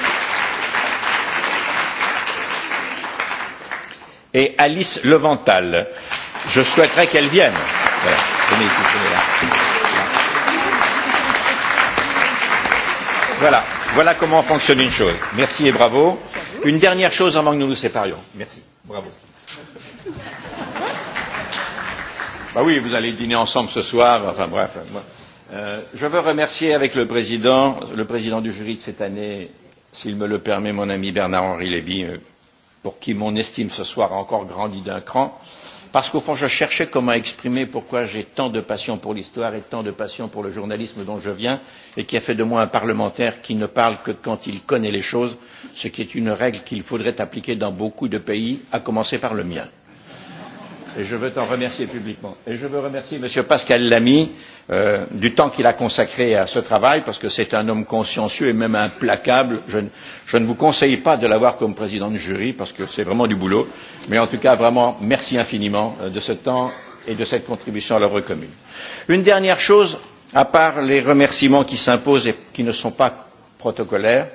Et Alice Levental. Je souhaiterais qu'elle vienne. Voilà. Venez ici, Voilà. Voilà comment fonctionne une chose. Merci et bravo. Une dernière chose avant que nous nous séparions. Merci. Bravo. Bah oui, vous allez dîner ensemble ce soir. Enfin bref. Je veux remercier avec le président, le président du jury de cette année, s'il me le permet, mon ami Bernard-Henri Lévy, pour qui mon estime ce soir a encore grandi d'un cran, parce qu'au fond, je cherchais comment exprimer pourquoi j'ai tant de passion pour l'histoire et tant de passion pour le journalisme dont je viens et qui a fait de moi un parlementaire qui ne parle que quand il connaît les choses, ce qui est une règle qu'il faudrait appliquer dans beaucoup de pays, à commencer par le mien et je veux t'en remercier publiquement. Et je veux remercier M. Pascal Lamy du temps qu'il a consacré à ce travail, parce que c'est un homme consciencieux et même implacable. Je ne vous conseille pas de l'avoir comme président de jury, parce que c'est vraiment du boulot. Mais en tout cas, vraiment, merci infiniment de ce temps et de cette contribution à l'œuvre commune. Une dernière chose, à part les remerciements qui s'imposent et qui ne sont pas protocolaires,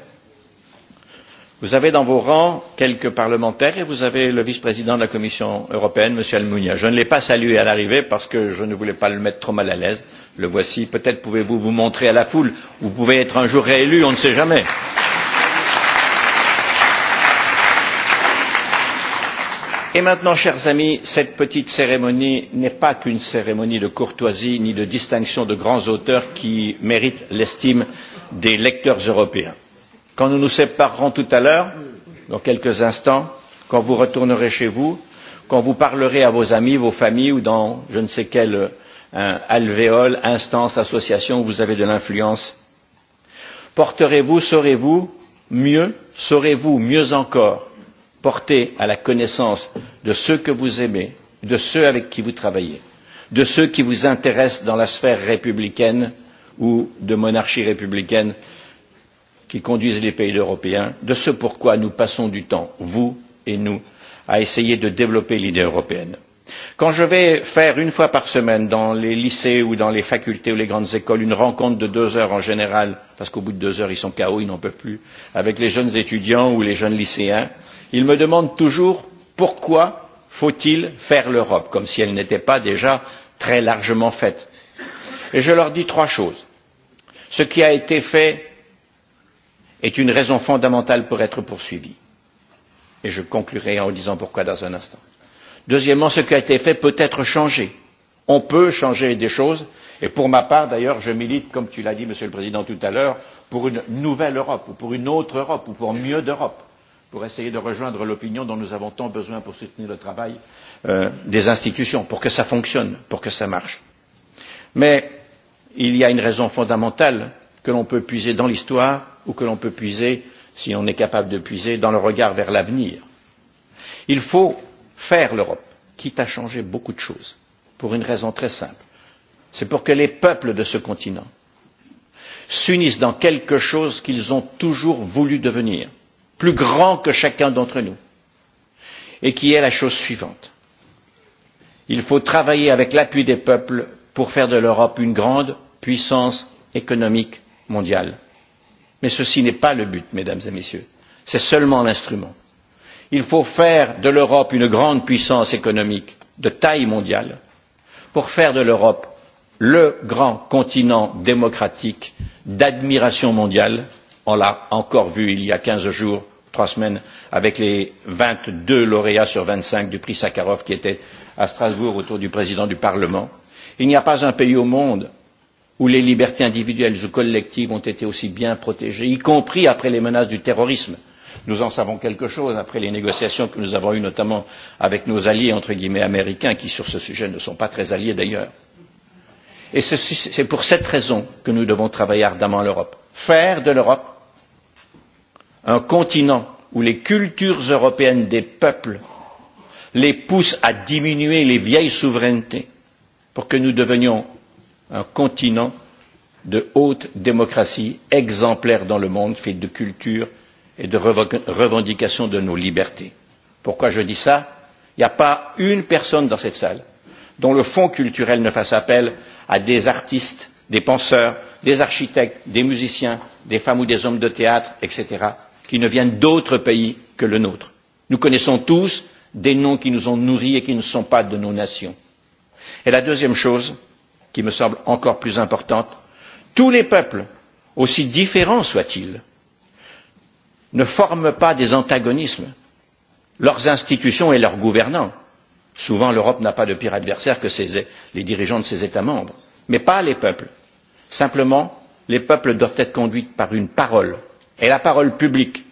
Vous avez dans vos rangs quelques parlementaires et vous avez le vice-président de la Commission européenne, M. Almunia. Je ne l'ai pas salué à l'arrivée parce que je ne voulais pas le mettre trop mal à l'aise. Le voici. Peut-être pouvez-vous vous montrer à la foule. Vous pouvez être un jour réélu, on ne sait jamais. Et maintenant, chers amis, cette petite cérémonie n'est pas qu'une cérémonie de courtoisie ni de distinction de grands auteurs qui méritent l'estime des lecteurs européens quand nous nous séparerons tout à l'heure dans quelques instants quand vous retournerez chez vous quand vous parlerez à vos amis vos familles ou dans je ne sais quelle alvéole instance association où vous avez de l'influence porterez vous saurez vous mieux saurez vous mieux encore porter à la connaissance de ceux que vous aimez de ceux avec qui vous travaillez de ceux qui vous intéressent dans la sphère républicaine ou de monarchie républicaine qui conduisent les pays européens de ce pourquoi nous passons du temps vous et nous à essayer de développer l'idée européenne. quand je vais faire une fois par semaine dans les lycées ou dans les facultés ou les grandes écoles une rencontre de deux heures en général parce qu'au bout de deux heures ils sont KO, ils n'en peuvent plus avec les jeunes étudiants ou les jeunes lycéens ils me demandent toujours pourquoi faut il faire l'europe comme si elle n'était pas déjà très largement faite. et je leur dis trois choses ce qui a été fait est une raison fondamentale pour être poursuivi. Et je conclurai en disant pourquoi dans un instant. Deuxièmement, ce qui a été fait peut être changé. On peut changer des choses. Et pour ma part, d'ailleurs, je milite, comme tu l'as dit, Monsieur le Président, tout à l'heure, pour une nouvelle Europe, ou pour une autre Europe, ou pour mieux d'Europe, pour essayer de rejoindre l'opinion dont nous avons tant besoin pour soutenir le travail des institutions, pour que ça fonctionne, pour que ça marche. Mais il y a une raison fondamentale que l'on peut puiser dans l'histoire ou que l'on peut puiser, si on est capable de puiser, dans le regard vers l'avenir. Il faut faire l'Europe, quitte à changer beaucoup de choses, pour une raison très simple. C'est pour que les peuples de ce continent s'unissent dans quelque chose qu'ils ont toujours voulu devenir, plus grand que chacun d'entre nous, et qui est la chose suivante. Il faut travailler avec l'appui des peuples pour faire de l'Europe une grande puissance économique mondiale. Mais ceci n'est pas le but, mesdames et messieurs. C'est seulement l'instrument. Il faut faire de l'Europe une grande puissance économique de taille mondiale pour faire de l'Europe le grand continent démocratique d'admiration mondiale. On l'a encore vu il y a quinze jours, trois semaines, avec les vingt deux lauréats sur vingt cinq du prix Sakharov qui étaient à Strasbourg autour du président du Parlement. Il n'y a pas un pays au monde où les libertés individuelles ou collectives ont été aussi bien protégées, y compris après les menaces du terrorisme. Nous en savons quelque chose après les négociations que nous avons eues notamment avec nos alliés entre guillemets américains qui sur ce sujet ne sont pas très alliés d'ailleurs. Et c'est pour cette raison que nous devons travailler ardemment l'Europe. Faire de l'Europe un continent où les cultures européennes des peuples les poussent à diminuer les vieilles souverainetés pour que nous devenions un continent de haute démocratie exemplaire dans le monde, fait de culture et de revendication de nos libertés. Pourquoi je dis cela? Il n'y a pas une personne dans cette salle dont le fond culturel ne fasse appel à des artistes, des penseurs, des architectes, des musiciens, des femmes ou des hommes de théâtre, etc., qui ne viennent d'autres pays que le nôtre. Nous connaissons tous des noms qui nous ont nourris et qui ne sont pas de nos nations. Et la deuxième chose, qui me semble encore plus importante tous les peuples aussi différents soient ils ne forment pas des antagonismes leurs institutions et leurs gouvernants souvent l'europe n'a pas de pire adversaire que les dirigeants de ses états membres mais pas les peuples simplement les peuples doivent être conduits par une parole et la parole publique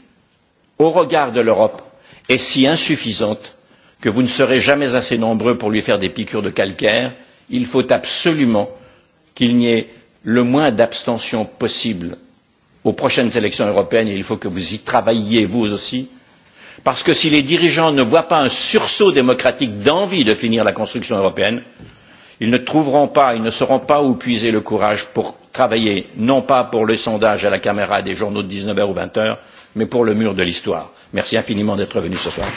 au regard de l'europe est si insuffisante que vous ne serez jamais assez nombreux pour lui faire des piqûres de calcaire il faut absolument qu'il n'y ait le moins d'abstention possible aux prochaines élections européennes et il faut que vous y travailliez vous aussi parce que si les dirigeants ne voient pas un sursaut démocratique d'envie de finir la construction européenne ils ne trouveront pas ils ne sauront pas où puiser le courage pour travailler non pas pour le sondage à la caméra des journaux de dix neuf heures ou vingt heures, mais pour le mur de l'histoire. merci infiniment d'être venu ce soir.